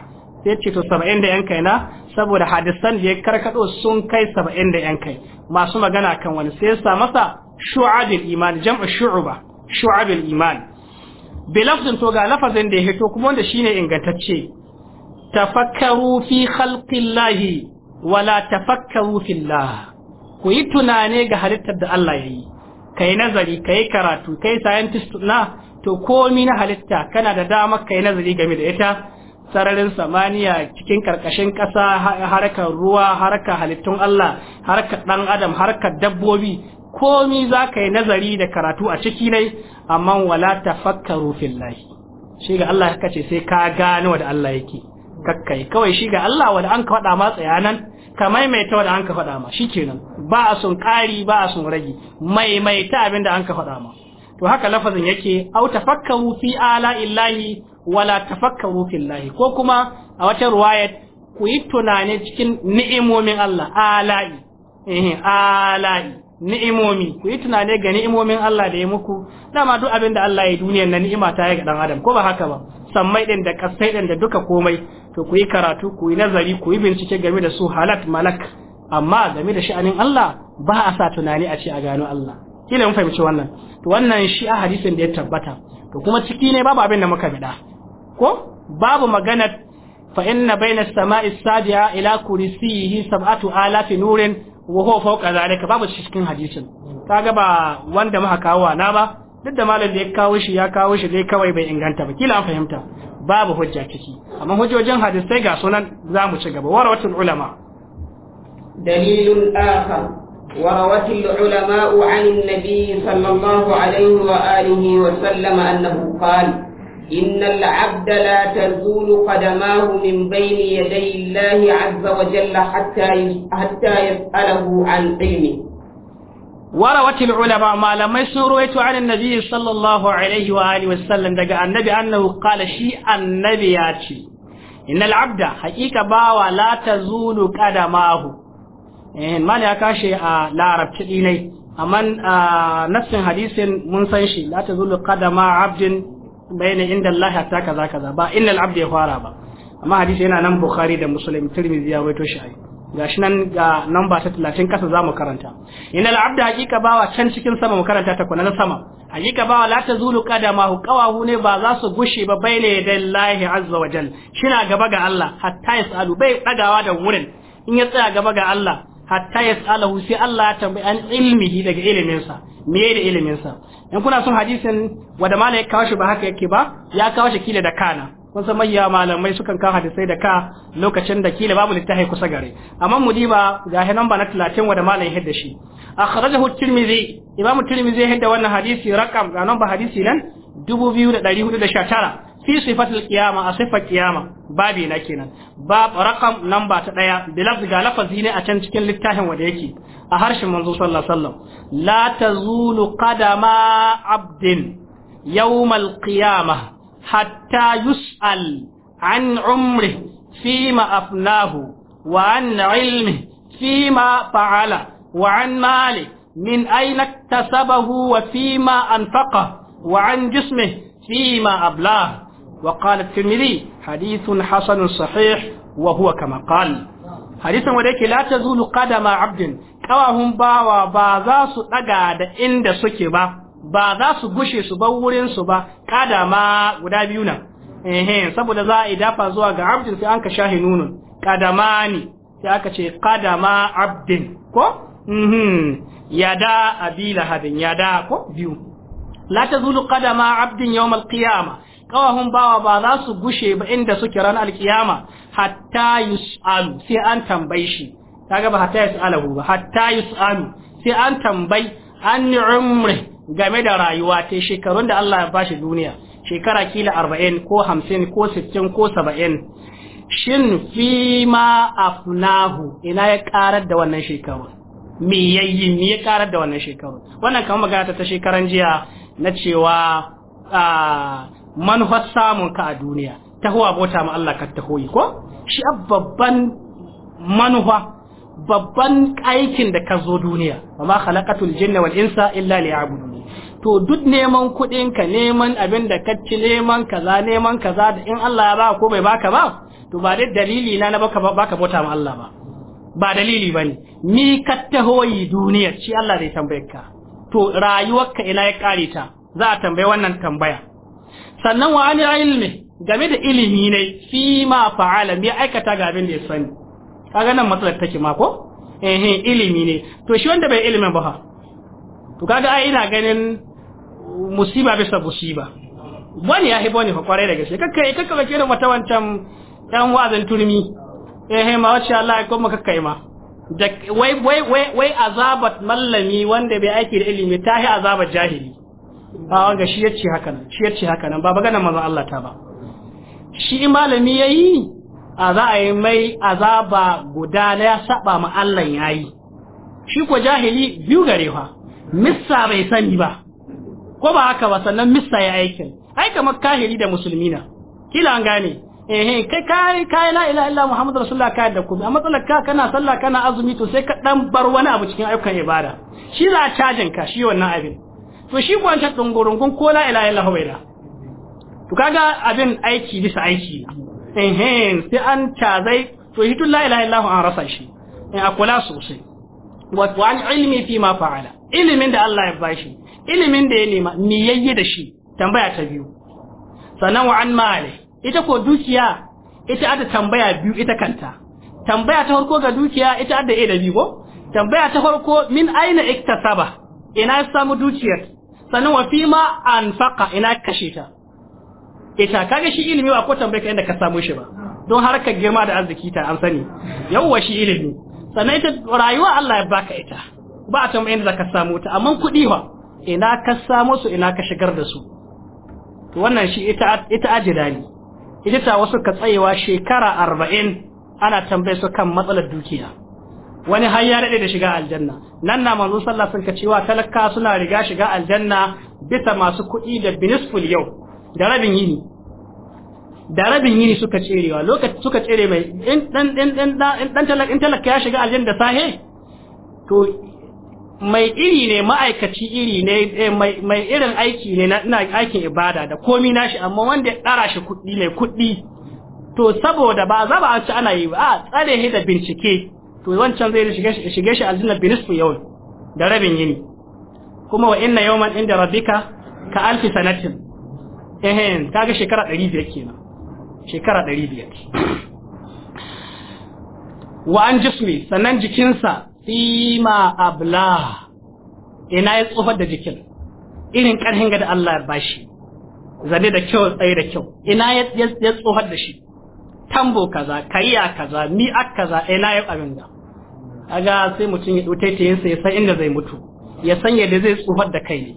sai ce to saba'in da yankai na saboda hadisan da ya karkaɗo sun kai saba'in da yankai masu magana kan wani sai ya sa masa shu'abil iman jam'a shu'uba shu'abil iman bilafzin to ga lafazin da ya hito kuma wanda shine ingantacce tafakkaru fi khalqillahi wala tafakkaru fillah ku yi tunane ga halittar da Allah ya yi kai nazari yi karatu kai scientist na to komi na halitta kana da dama yi nazari game da ita sararin samaniya cikin karkashin ƙasa harkar ruwa harkar halittun Allah harkar ɗan adam harkar dabbobi komi za ka yi nazari da karatu a ciki nai amma wala rufin lahi? shi ga Allah ce sai ka gani wa Allah yake kakkai kawai shi ga Allah wada an ka faɗa ma tsayanan ka maimaita wada an ka faɗa ma shikenan ba a sun ƙari ba a sun rage maimaita abin da an ka faɗa ma to haka lafazin yake au tafakkaru rufi ala illahi wala rufin lahi, ko kuma a wata ruwayat ku yi tunani cikin ni'imomin Allah ala'i ala'i ni'imomi ku yi tunani ga ni'imomin Allah da ya muku dama duk abin da Allah ya duniyar na ni'ima ta yi ga dan adam ko ba haka ba sammai din da kasai din da duka komai to ku yi karatu ku yi nazari ku yi bincike game da su halat malak amma game da sha'anin Allah ba a sa tunani a ce a gano Allah kila mun fahimci wannan to wannan shi a hadisin da ya tabbata to kuma ciki ne babu abin da muka bida ko babu magana fa inna bayna as-sama'i as-sadiya ila kursiyihi sab'atu alafi nurin wa huwa fawqa zalika babu shi cikin hadisin kaga ba wanda muka kawo na ba duk da malam da ya kawo shi ya kawo shi dai kawai bai inganta ba kila an fahimta babu hujja ciki amma hujjojin hadisai ga sunan zamu ci gaba warawatul ulama dalilun akhar وروت العلماء عن النبي صلى الله عليه وآله وسلم أنه قال إن العبد لا تزول قدماه من بين يدي الله عز وجل حتى حتى يسأله عن علمه وروت العلماء ما لم يسرويت عن النبي صلى الله عليه وآله وسلم دقى النبي أنه قال شيء النبي ياتي إن العبد حقيقة باوى لا تزول قدماه إن ما لأكاشي آه لا ربت إليه أمن آه نفس حديث منسنشي لا تزول قدم عبد bayani inda Allah ta kaza kaza ba innal abdi ya fara ba amma hadisi yana nan Bukhari da Muslim Tirmidhi ya waito shi ai gashi nan ga namba ta 30 kasa zamu karanta innal abda hakika bawa can cikin sama mu karanta ta kuna sama hakika bawa la tazulu qadamahu qawahu ne ba za su gushe ba baine da Allahi azza wa jal shina gaba ga Allah hatta yasalu bai dagawa da wurin in ya tsaya gaba ga Allah hatta tsala sai Allah ya tambayi an ilmihi daga iliminsa me da iliminsa in kuna son hadisin wanda malai ya kawo shi ba haka yake ba ya kawo shi kila da kana kun san mayya malamai sukan kawo hadisai da ka lokacin da kila babu littafi kusa gare amma mu diba ga hinan ba na 30 wanda malai ya hidda shi akhrajahu tirmidhi imam tirmidhi ya hadda wannan hadisi rakam ga nan hadisi nan 2419 fi sifatul qiyama a sifar qiyama babi na kenan bab rakam namba ta daya bilaf ga lafazi ne a can cikin littafin wanda yake a harshen manzo sallallahu alaihi wasallam la tazulu qadama abdin yawmal qiyamah hatta yus'al an umri fima afnahu wa an ilmi fima fa'ala wa an mali min aina iktasabahu wa fima anfaqa wa an jismihi fima ablah وقال timiri حديث حسن صحيح وهو كما قال حديثا وليك لا تزول قدم عبد kawahun bawa ba za su daga da inda suke ba ba za su gushe su ba wurin su ba Kadama ma guda biyu nan saboda za a dafa zuwa ga abdin sai an ka shahi nunun kadamani sai aka ce kadama abdin ko mhm yada abila hadin yada ko biyu abdin kawahun bawa ba za su gushe ba inda suke ran alkiyama hatta yus'alu sai an tambaye shi kaga ba hatta yus'alu ba hatta yus'alu sai an tambayi an umri game da rayuwa ta shekarun da Allah ya bashi duniya shekara kila 40 ko 50 ko 60 ko 70 shin fi ma afnahu ina ya karar da wannan shekaru me yayi me ya karar da wannan shekaru wannan kamar magana ta shekaran jiya na cewa ah, manufar samun ka a duniya huwa bauta ma Allah ka tahoyi ko shi babban manufa babban aikin da ka zo duniya wa ma khalaqatul jinna wal insa illa liya'budun to duk neman kuɗin ka neman abin da ka ci neman kaza neman kaza da in Allah ya baka ko bai baka ba to ba dai dalili na na baka baka bota ma Allah ba ba dalili bane ni ka tahoyi duniya shi Allah zai tambaye ka to rayuwarka ina ya kare ta za a tambaye wannan tambaya sannan wa ani ilmi game da ilimi ne fi ma fa'ala bi aikata ga abin da ya sani kaga nan matsalar take ma ko eh eh ilimi ne to shi wanda bai ilimin ba to kaga ai ina ganin musiba bisa musiba wani ya hebo ne fa kware da gaske kakkai kakkai kake da mata wancan yan wazan turmi eh eh ma wacce Allah ko maka kai ma wai wai wai wai azabat mallami wanda bai aiki da ilimi tahi azabat jahili ba ga shi yace haka nan shi yace haka nan ba maganar manzon Allah ta ba shi malami yayi a za a yi mai azaba guda na ya saba ma Allah yayi shi ko jahili biyu gare fa missa bai sani ba ko ba haka ba sannan missa ya aikin ai kamar kahiri da musulmina kila an gane eh kai kai kai la ilaha illa muhammadu rasulullah kai da ku amma matsalar ka kana sallah kana azumi to sai ka dan bar wani abu cikin ayyukan ibada shi za a cajin ka shi wannan abin to shi ko an ta kun ko la ila illallah bai to kaga abin aiki bisa aiki ehem sai an zai to hitun la ila illallah an rasa shi in eh, akula sosai wa an ilmi fi ma fa'ala ilimin da Allah ya bashi ilimin da ya nema me yayye da shi tambaya ta biyu sannan wa an mali ita ko dukiya ita ada tambaya biyu ita kanta tambaya ta farko ga dukiya ita ada a da biyu ko tambaya ta farko min aina iktasaba ina samu dukiyar sannan wa fi ma faƙa ina kashe ta ita kaga shi ilimi ba ko tambaye ka inda ka samu shi ba don harkar girma da arziki ta an sani yawwa shi ilimi sannan ita rayuwa Allah ya baka ita ba a tambaye inda ka samu ta amma kuɗi fa ina ka samu su ina ka shigar da su to wannan shi ita ita ajira ne ita ta wasu ka tsayewa shekara arba'in ana tambaye su kan matsalar dukiya wani har ya daɗe da shiga aljanna nan na manzo sallah sun ka cewa talaka suna riga shiga aljanna bisa masu kuɗi da binisful yau da rabin yini da rabin yini suka cerewa lokaci suka cere mai in dan dan dan dan talaka in talaka ya shiga aljanna da sahe to mai iri ne ma'aikaci iri ne eh, mai mai irin aiki ne na aikin ibada da komi nashi amma wanda ya tsara shi kuɗi mai kuɗi to saboda ba za ba a ci ana yi ba a tsare da bincike to wancan zai shige shi aljanna bi nisfi yawm da rabin yini kuma wa inna yawman inda rabbika ka alfi sanatin ehen kaga shekara 500 kenan shekara 500 wa an jismi sannan jikinsa fima abla ina ya tsofar da jikin irin karhin ga da Allah ya bashi zane da kyau tsaye da kyau ina ya tsofar da shi tambo kaza kariya kaza mi'ak kaza ina ya abin da kaga sai mutum ya ɗauke ta yinsa ya san inda zai mutu ya san yadda zai tsohar da kai ne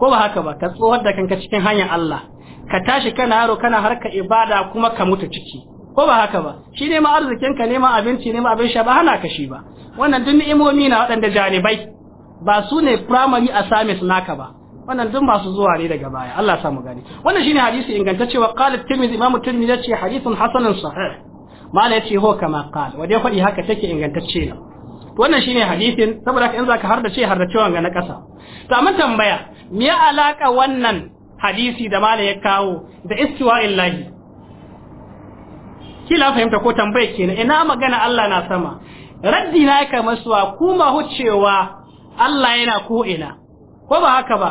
ko ba haka ba ka tsohar da kanka cikin hanyar Allah ka tashi kana yaro kana harka ibada kuma ka mutu ciki ko ba haka ba shi ne ma arzikin ka ma abinci ne ma abin sha ba hana ka shi ba wannan duk ni'imomi na waɗanda janibai ba su ne primary assignment naka ba wannan duk masu zuwa ne daga baya Allah mu gani wannan shine hadisi ingantacce wa qala timiz tirmidhi imam tirmidhi yace hadithun hasanun sahih mala yace ho kama qala wa dai fadi haka take ingantacce ne wannan shine hadisin saboda in zaka har da ce har da cewa ga na kasa to amma tambaya me ya alaka wannan hadisi da mala ya kawo da istiwa illahi kila fahimta ko tambaye kenan ina magana Allah na sama raddi na yake masuwa kuma hucewa Allah yana ko ina ko ba haka ba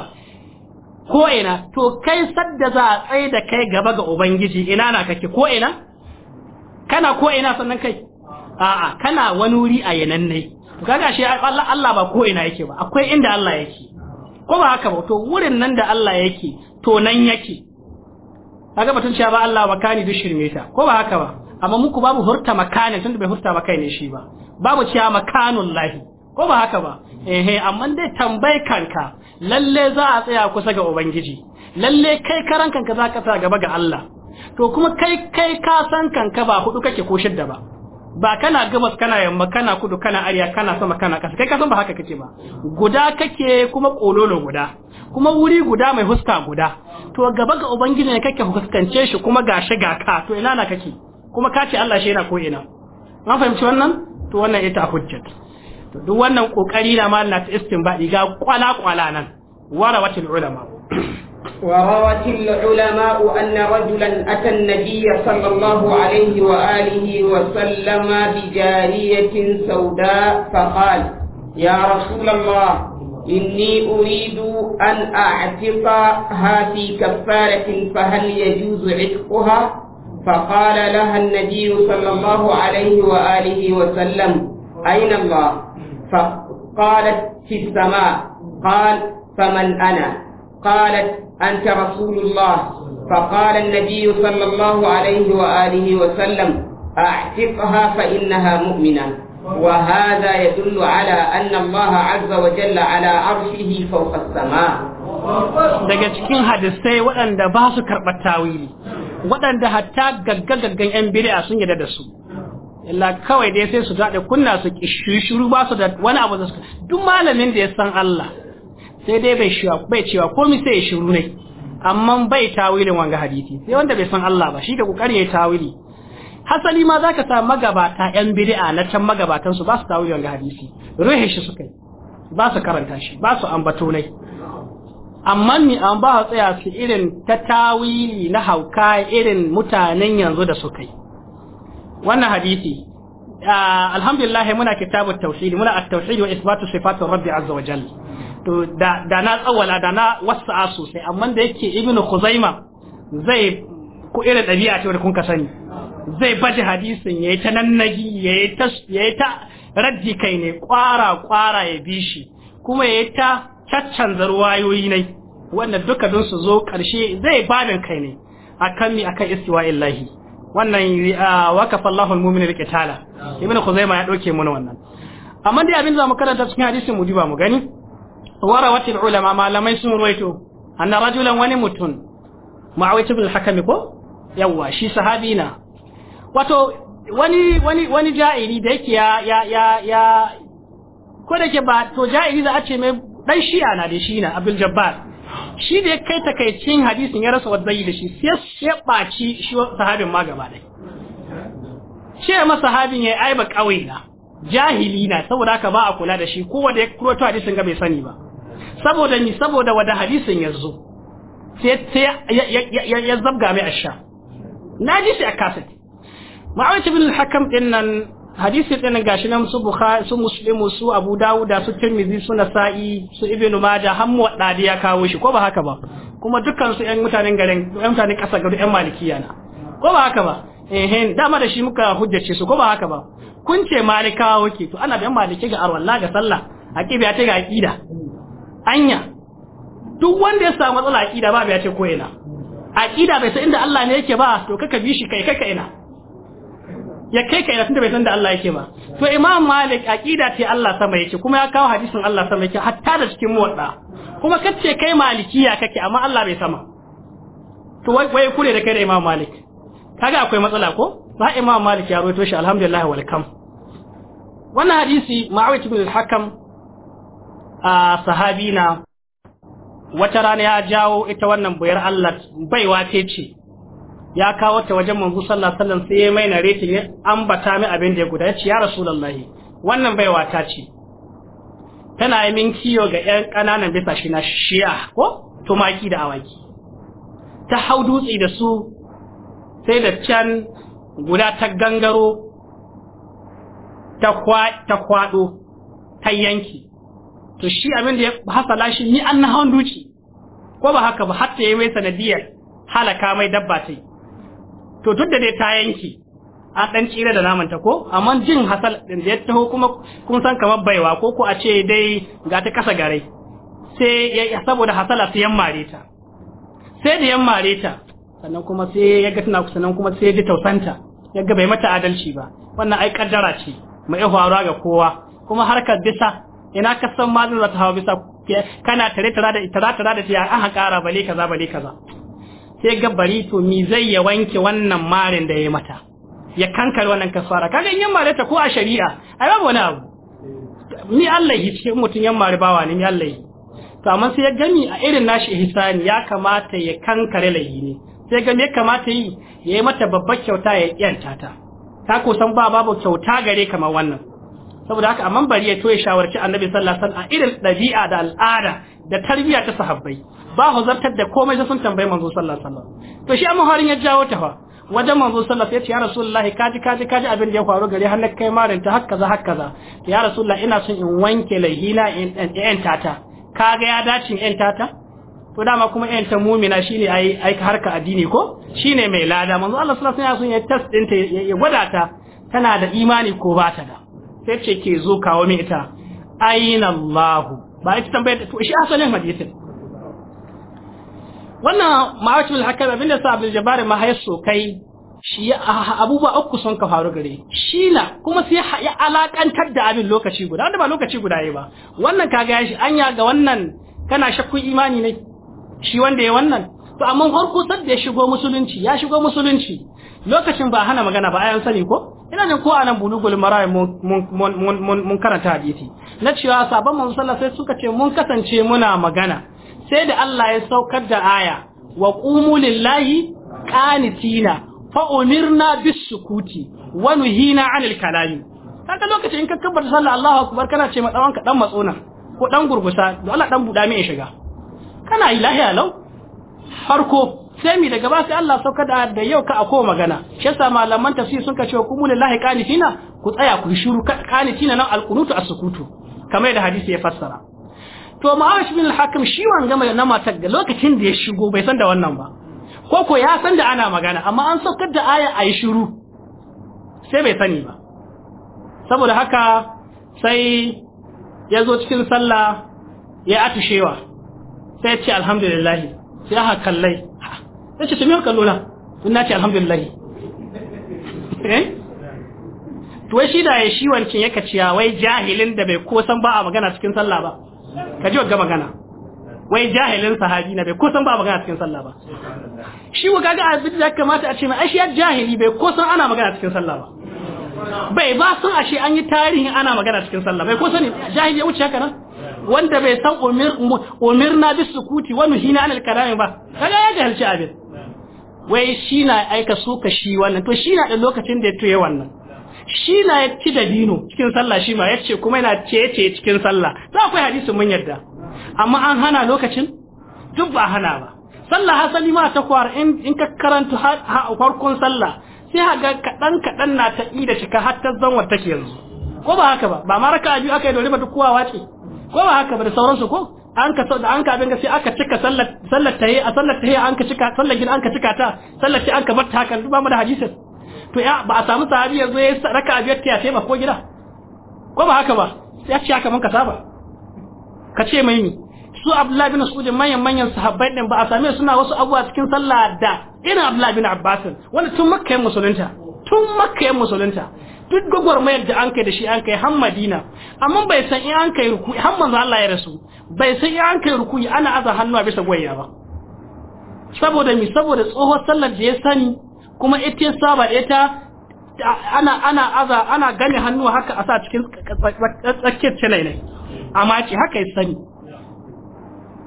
ko ina to kai sadda za a tsaye da kai gaba ga ubangiji ina na kake ko ina kana ko ina sannan kai a'a kana wani wuri a yananne to ga ashe Allah ba ko ina yake ba akwai inda Allah yake ko ba haka ba to wurin nan da Allah yake to nan yake kaga batun cewa ba Allah makani duk shirme ta ko ba haka ba amma muku babu hurta makani tunda bai hurta ba kai ne shi ba babu cewa makanun lahi ko ba haka ba ehe amma dai tambayi kanka lalle za a tsaya kusa ga ubangiji lalle kai karan kanka za ka tsaya gaba ga Allah to kuma kai kai ka san kanka ba hudu kake ko shidda ba ba kana gabas kana yamma kana kudu kana arewa kana sama kana kasa kai ka san ba haka kake ba guda kake kuma kololo guda kuma wuri guda mai huska guda to gaba ga ubangiji ne kake huskance shi kuma gashi ga ka to ina na kake kuma ka ce Allah shi yana ko ina an fahimci wannan to wannan ita hujjat to duk wannan kokari na mallan ta istinbadi ga kwala kwala nan warawatul ulama وروت العلماء أن رجلا أتى النبي صلى الله عليه وآله وسلم بجارية سوداء فقال يا رسول الله إني أريد أن أعتقها في كفارة فهل يجوز عتقها؟ فقال لها النبي صلى الله عليه وآله وسلم أين الله؟ فقالت في السماء قال فمن أنا؟ قالت أنت رسول الله فقال النبي صلى الله عليه وآله وسلم أعتقها فإنها مؤمنة وهذا يدل على أن الله عز وجل على عرشه فوق السماء daga cikin hadisai waɗanda ba su karɓar tawili waɗanda hatta gaggagaggan 'yan a sun yarda da su illa kawai dai sai su daɗe kunna su shuru ba su da wani abu da su duk malamin da ya san Allah sai dai bai shiwa bai cewa komai sai ya shiru ne amma bai tawilin wanga hadisi sai wanda bai san Allah ba shi da kokari ya tawili hasali ma zaka sa magabata yan bid'a na can magabatan su ba su tawilin wanga hadisi ruhe shi suka yi ba su karanta shi ba su ambato ne amma ni an ba tsaya su irin ta tawili na hauka irin mutanen yanzu da suka yi wannan hadisi ah, alhamdulillah muna kitabut tawhid muna at tawhid wa isbatu sifatu rabbi azza wa jalla to da da na tsawala da na wasa'a sosai amma da yake ibnu khuzaima zai ku irin dabi'a ce wanda kun ka sani zai baje hadisin yayi ta nannagi yayi ta yayi ta raddi kai ne kwara kwara ya bi shi kuma yayi ta caccanza zarwayoyi ne wannan duka don su zo karshe zai babin kai ne akan mi akan illahi wannan wakafa Allahul mu'minin tala ibnu khuzaima ya doke mana wannan amma dai abin da mu karanta cikin hadisin mu diba mu gani warawat ulama malamai sun ruwaito anna rajulan wani mutum ma'awit bil hakami ko yawa shi sahabi na wato wani wani wani ja'iri da yake ya ya ya ko da ke ba to ja'iri za a ce mai dan shi'a na da shi na abdul jabbar shi da ya kai takaicin hadisin ya rasa wadda yi da shi sai ya ɓaci shi sahabin ma gaba dai ce ma sahabin ya yi aiba kawai na jahili na saboda haka ba a kula da shi ko da ya kuro to hadisin ga bai sani ba saboda ni saboda wada hadisin ya zo sai ya zabga mai asha na ji shi a kaset ma'awaci bin hakam din nan hadisi din gashi nan su bukhari su muslimu su abu da su tirmidhi su nasa'i su ibnu majah har mu wadadi ya kawo shi ko ba haka ba kuma dukkan su ƴan mutanen garin ƴan mutanen kasar garin ƴan malikiya na ko ba haka ba eh dama da shi muka hujjace su ko ba haka ba kun ce malikawa wake to ana da maliki ga arwalla ga sallah aqiba ta ga aqida anya duk wanda ya samu matsala aqida ba ya ce ko ina aqida bai san inda Allah ne yake ba to kaka bi shi kai kaka ina ya kai kai tunda bai san da Allah yake ba to imam malik aqida ce Allah sama yake kuma ya kawo hadisin Allah sama yake hatta da cikin muwadda kuma kace kai malikiya kake amma Allah bai sama to wai wai kure da kai da imam malik kaga akwai matsala ko ba imam malik ya rawaito shi alhamdulillah welcome wannan hadisi ma'awit ibn al-hakam a sahabi na wata rana ya jawo ita wannan bayar Allah bai wace ce ya kawo ta wajen manzo sallallahu alaihi wasallam sai ya mai narratin ya ambata mai abin da ya guda ya ce ya rasulullahi wannan bai wata ce tana yi min kiyo ga ƴan ƙananan bisa shi na shi'a ko tumaki da awaki ta hau dutse da su sai da can guda ta gangaro ta kwaɗo ta yanki to shi abin da ya hasala shi ni an na hawan duci ko ba haka ba hatta ya yi sanadiyar halaka mai dabba ta to duk da dai ta yanki an dan tsira da naman ta ko amma jin hasal din da ya taho kuma kun san kamar baiwa ko ko a ce dai ga ta kasa garai sai ya saboda hasala su yammare ta sai da yammare ta sannan kuma sai ya ga tana sannan kuma sai ya ji tausanta ya ga bai mata adalci ba wannan ai kaddara ce mai wara ga kowa kuma harkar bisa ina ka san ma zan zata hawa bisa kana tare tara da tara tara da tiya an kara bale kaza bale kaza sai ga bari to mi zai ya wanke wannan marin da ya mata ya kankar wannan kasara kaga in yan mare ta ko a shari'a ai babu wani abu ni Allah yi ce mutun yan mare bawa ne ni Allah yi to amma sai ya gani a irin nashi ihsani ya kamata ya kankare layi ne sai ga me kamata yi yayi mata babbar kyauta ya yanta ta Ta ko san ba babu kyauta gare kamar wannan saboda haka a mambari ya to shawarci annabi sallallahu alaihi wasallam a irin dabi'a da al'ada da tarbiyya ta sahabbai ba hu zartar da komai sai sun tambayi manzo sallallahu alaihi wasallam to shi amma harin ya jawo ta fa wajen manzo sallallahu alaihi wasallam ya ce ya rasulullahi kaji kaji kaji abin da ya faru gare har na kai marin ta hakka za hakka za ya rasulullahi ina son in wanke laihina in ɗan tata kaga ya dace in tata to dama kuma yan ta mumina shine ai ai harka addini ko shine mai lada manzo Allah sallallahu alaihi wasallam ya tas dinta ya gwada ta tana da imani ko ba ta da sai ce ke zo kawo mai ita aina Allah ba ita tambayar to shi asalin hadisin wannan ma'awacin hakam abin da sa abdul jabbar ma hayar sokai shi ah, abubuwa uku sun ka faru gare shi na kuma sai ya alakantar da abin lokaci guda wanda ba lokaci guda yayi ba wannan kaga shi anya ga wannan kana shakkun imani ne shi wanda ya wannan to amma har sad da ya shigo musulunci ya shigo musulunci lokacin ba hana magana ba ayan sani ko ina jin ko anan gulu marayi mun karanta hadisi na cewa sabon manzo sallallahu sai suka ce mun kasance muna magana sai da Allah ya saukar da aya wa qumu lillahi qanitina fa umirna bis sukuti wa nuhina anil kalami kaga lokacin in ka kabbata sallah Allahu akbar kana ce matsawan ka dan matsona ko dan gurgusa Allah dan buda mai shiga kana ilahi alau farko sai mi daga ba sai Allah sauka da da yau ka ako magana shi yasa malaman tafsir sun kace hukumu lillahi qanitina ku tsaya ku shiru qanitina nan alqunutu as-sukutu kamar da hadisi ya fassara to ma'awish bin al-hakim shi wanga mai na matar ga lokacin da ya shigo bai san da wannan ba ko ko ya san da ana magana amma an saukar da aya ayi shiru sai bai sani ba saboda haka sai ya zo cikin sallah ya atushewa sai ya ce alhamdulillah sai aka kallai sai ce su miyar na sun na ce alhamdulillah eh? to shi da ya shi wancin ya kaciya wai jahilin da bai kosan ba a magana cikin sallah ba ka ji wagga magana wai jahilin sahabi na bai kosan ba a magana cikin sallah ba shi wa gaga abin da kamata a ce mai ashe jahili bai kosan ana magana cikin sallah ba bai ba sun ashe an yi tarihin ana magana cikin sallah bai kosan jahili ya wuce haka nan wanda bai san umirna na sukuti wa nuhina anil kalami ba kaga ya jahilci abin wai shi na aika suka shi wannan to shi na da lokacin da ya tuye wannan shi na ya ci da dino cikin sallah shi ma ya ce kuma yana cece cikin sallah za ku hadisi mun yarda amma an hana lokacin duk ba hana ba sallah hasali ma ta kwar in ka karanta farkon sallah sai ga kaɗan kaɗan na ta da cika har ta zanwar take yanzu ko ba haka ba ba ma raka biyu aka yi dole ba duk kowa wace ko ba haka ba da sauransu ko an ka da an ka abin gaske aka cika sallar sallar tayi a sallar tayi an ka cika sallar gina an ka cika ta sallar ce an ka bar ta hakan ba mu da hadisin to ya ba a samu sahabi yanzu ya raka biyar ta sai ba ko gida ko ba haka ba ya ce haka man ka saba ka ce mai ni su Abdullahi bin Mas'ud manyan manyan sahabbai din ba a same suna wasu abubuwa cikin sallah da ina Abdullahi bin Abbas wanda tun Makka musulunta tun maka yan musulunta duk mayar da an kai da shi an kai har madina amma bai san in an kai rukuyi har manzo Allah ya rasu bai san in an kai rukuyi ana aza hannu a bisa gwayya ba saboda mi saboda tsohon sallar da ya sani kuma ita saba ita ana ana aza ana gane hannu haka a sa cikin tsakiyar celailai amma ce haka ya sani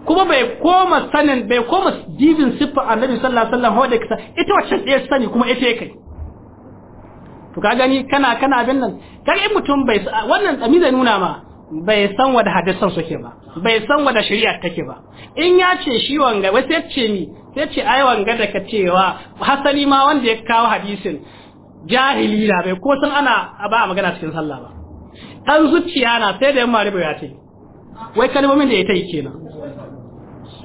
kuma bai koma sanin bai koma dibin siffa annabi sallallahu alaihi wasallam ita wacce ya sani kuma ita ya kai to ka gani kana kana bin nan in mutum bai wannan dami zai nuna ma bai san wada hadisan suke ba bai san wada shari'a take ba in ya ce shi wanga wai sai ce ni sai ce ai wanga da ka cewa hasali ma wanda ya kawo hadisin jahili da bai ko san ana ba a magana cikin sallah ba dan zuciya na sai da yamma riba ya ce wai kalmomin da ya ta yi kenan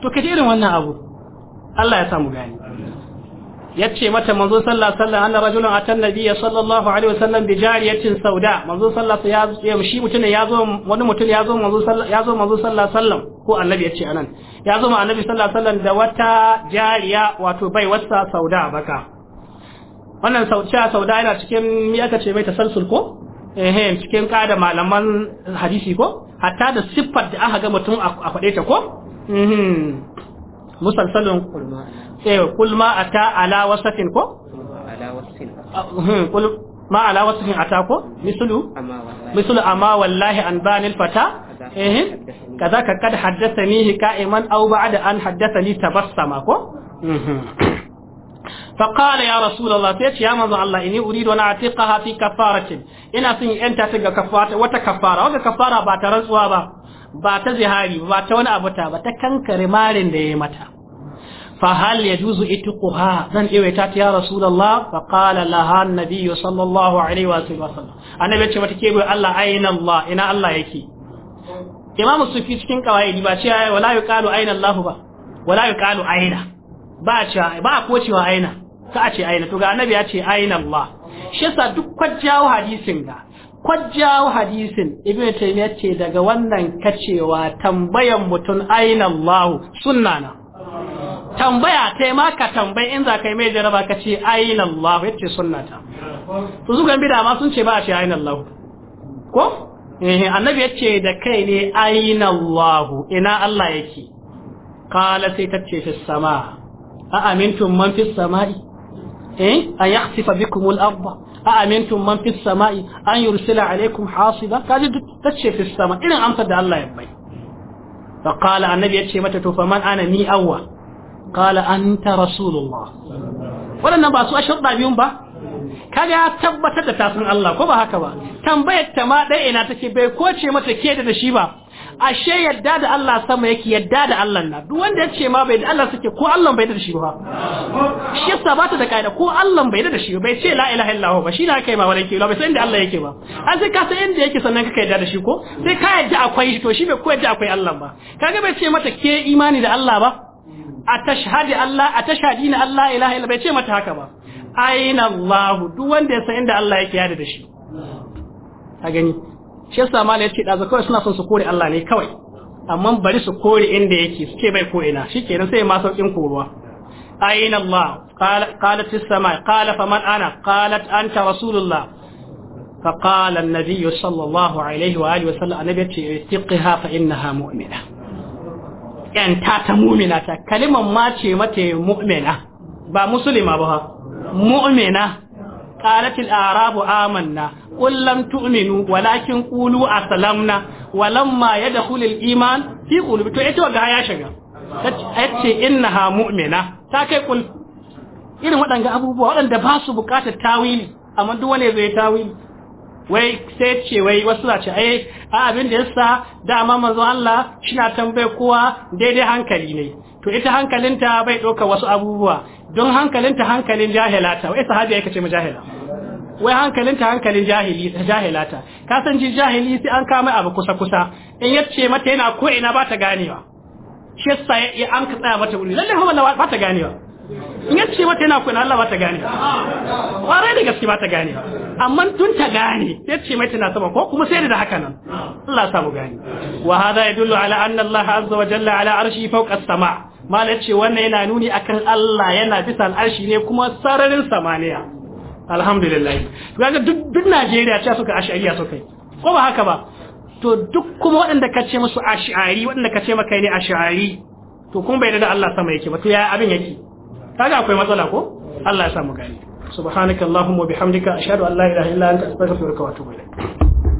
to kaje irin wannan abu Allah ya samu gani yace mata manzo sallallahu alaihi wasallam anna rajulan atan nabiyya sallallahu alaihi wasallam bi jariyatin sauda manzo sallallahu ya shi mutune yazo wani mutun yazo manzo sallallahu yazo manzo sallallahu alaihi wasallam ko annabi yace anan yazo ma annabi sallallahu alaihi wasallam da wata jariya wato bai wasa sauda baka wannan sauciya sauda yana cikin mi aka ce mai tasalsul ko eh cikin kada malaman hadisi ko hatta da siffar da aka ga mutum a faɗe ta ko musalsalun Eh, kulma a ta alawasafin ko? Hmm, ma amma wallahi an banil fata? ka za ka kada haddasa ni hika iman auba da an haddasa ni tabarsa ma ko? Hmm. faƙala ya rasulun lafiya ce ya mazu Allah ini uri da wani ati ƙahafi kafara ce ina sun yi ‘yan tafi ga wata kafara wata kafara ba ta rantsuwa ba ta zihari ba ta wani abuta ba ta kankare marin da ya yi mata فهل يجوز اتقها زن ايويتات يا رسول الله فقال لها النبي صلى الله عليه وسلم انا بيتي متكيبو الله اين الله انا الله يكي امام السفي cikin kawaidi ba ce wala yuqalu aina Allah ba wala yuqalu aina ba ce ba ko cewa aina ka a ce aina to ga annabi ce aina Allah shi duk kwajjawo hadisin ga kwajjawo hadisin ibnu taymiyyah ce daga wannan kacewa tambayan mutum aina Allah sunnana tambaya ta ma ka tambayi in za ka yi mai jaraba ka ce ayin Allah ya ce sunnata su zukan bida ma sun ce ba a ce ayin Allah ko eh, annabi ya ce da kai ne ayin Allah ina Allah yake kala sai ta ce fi sama a amintun man fi sama'i eh an yakhsifa bikum al-ardh a amintun man fi sama'i an yursila alaikum hasiba kaji ta ce fi sama irin amsar da Allah ya bai فقال النبي يتشي متى فمن أنا مي أول qala anta rasulullah waɗannan ba su a shaɗa biyun ba kaga ya tabbatar da tasin Allah ko ba haka ba tambayar ta ma ɗaya ina take bai koce mata ke da shi ba ashe yadda da Allah sama yake yadda da Allah na duk wanda ya ce ma bai da Allah suke ko Allah bai da shi ba shi yasa ba ta da kaida ko Allah bai da shi ba bai ce la ilaha illallah ba shi na kai ba wani ke ba sai inda Allah yake ba an sai ka san inda yake sannan ka yadda da shi ko sai ka yadda akwai shi to shi bai ko yadda akwai Allah ba kaga bai ce mata ke imani da Allah ba a tashhadi Allah a tashhadi na Allah ilaha illa bai ce mata haka ba aina Allah duk wanda ya san inda Allah yake yada da shi a gani shi yasa mala yace da kawai suna son su kore Allah ne kawai amma bari su kore inda yake suke bai ko ina shikenan sai ma saukin koruwa aina Allah qalat as-sama qala faman ana qalat anta rasulullah فقال النبي صلى الله عليه وآله وسلم أنا بيتي اتقها فإنها مؤمنة ‘yanta ta ta kaliman ma ce mata mu’mina, ba musulima ba, mu’mina, ƙaratil arabu amanna, ƙullan tu’minu, walakin ƙulu a salamna, walan ma ya da hulil iman, fi ƙulu, to, ita waga ya shiga, ya ce ina ha mu’mina, ta kai irin waɗanda abubuwa waɗanda ba su buƙatar tawili, amma duwane wani zai tawili. wai sai ce wai wasu za ce ai a abin da yasa dama manzon Allah shina tambaye kowa daidai hankali ne to ita hankalinta bai ɗauka wasu abubuwa don hankalinta hankalin jahilata wai sahabi yake ce mu jahila wai hankalinta hankalin jahili jahilata ka san ji jahili sai an kama abu kusa kusa in yace mata yana ko ina ba ta ganewa shi yasa an ka tsaya mata wuri lalle ba ta ganewa in ya ce mata yana kuna Allah ba ta gane ƙwarai da gaske ba ta gane amma tun ta gane ya ce mai tana sama ko kuma sai da haka nan Allah samu gane wa hada dullu ala anna Allah azza wa jalla ala arshi fawqa as-sama mala ce wannan yana nuni akan Allah yana bisa arshi ne kuma sararin samaniya alhamdulillah kaga duk duk Najeriya ce suka ash'ariya suka yi ko ba haka ba to duk kuma waɗanda ka ce musu ash'ari waɗanda ka ce maka ne ash'ari to kun bai da Allah sama yake ba to ya abin yake kaga akwai matsala ko Allah ya samu gani subhanakallahumma bihamdika ashhadu an la ilaha illa anta astaghfiruka wa atubu ilaik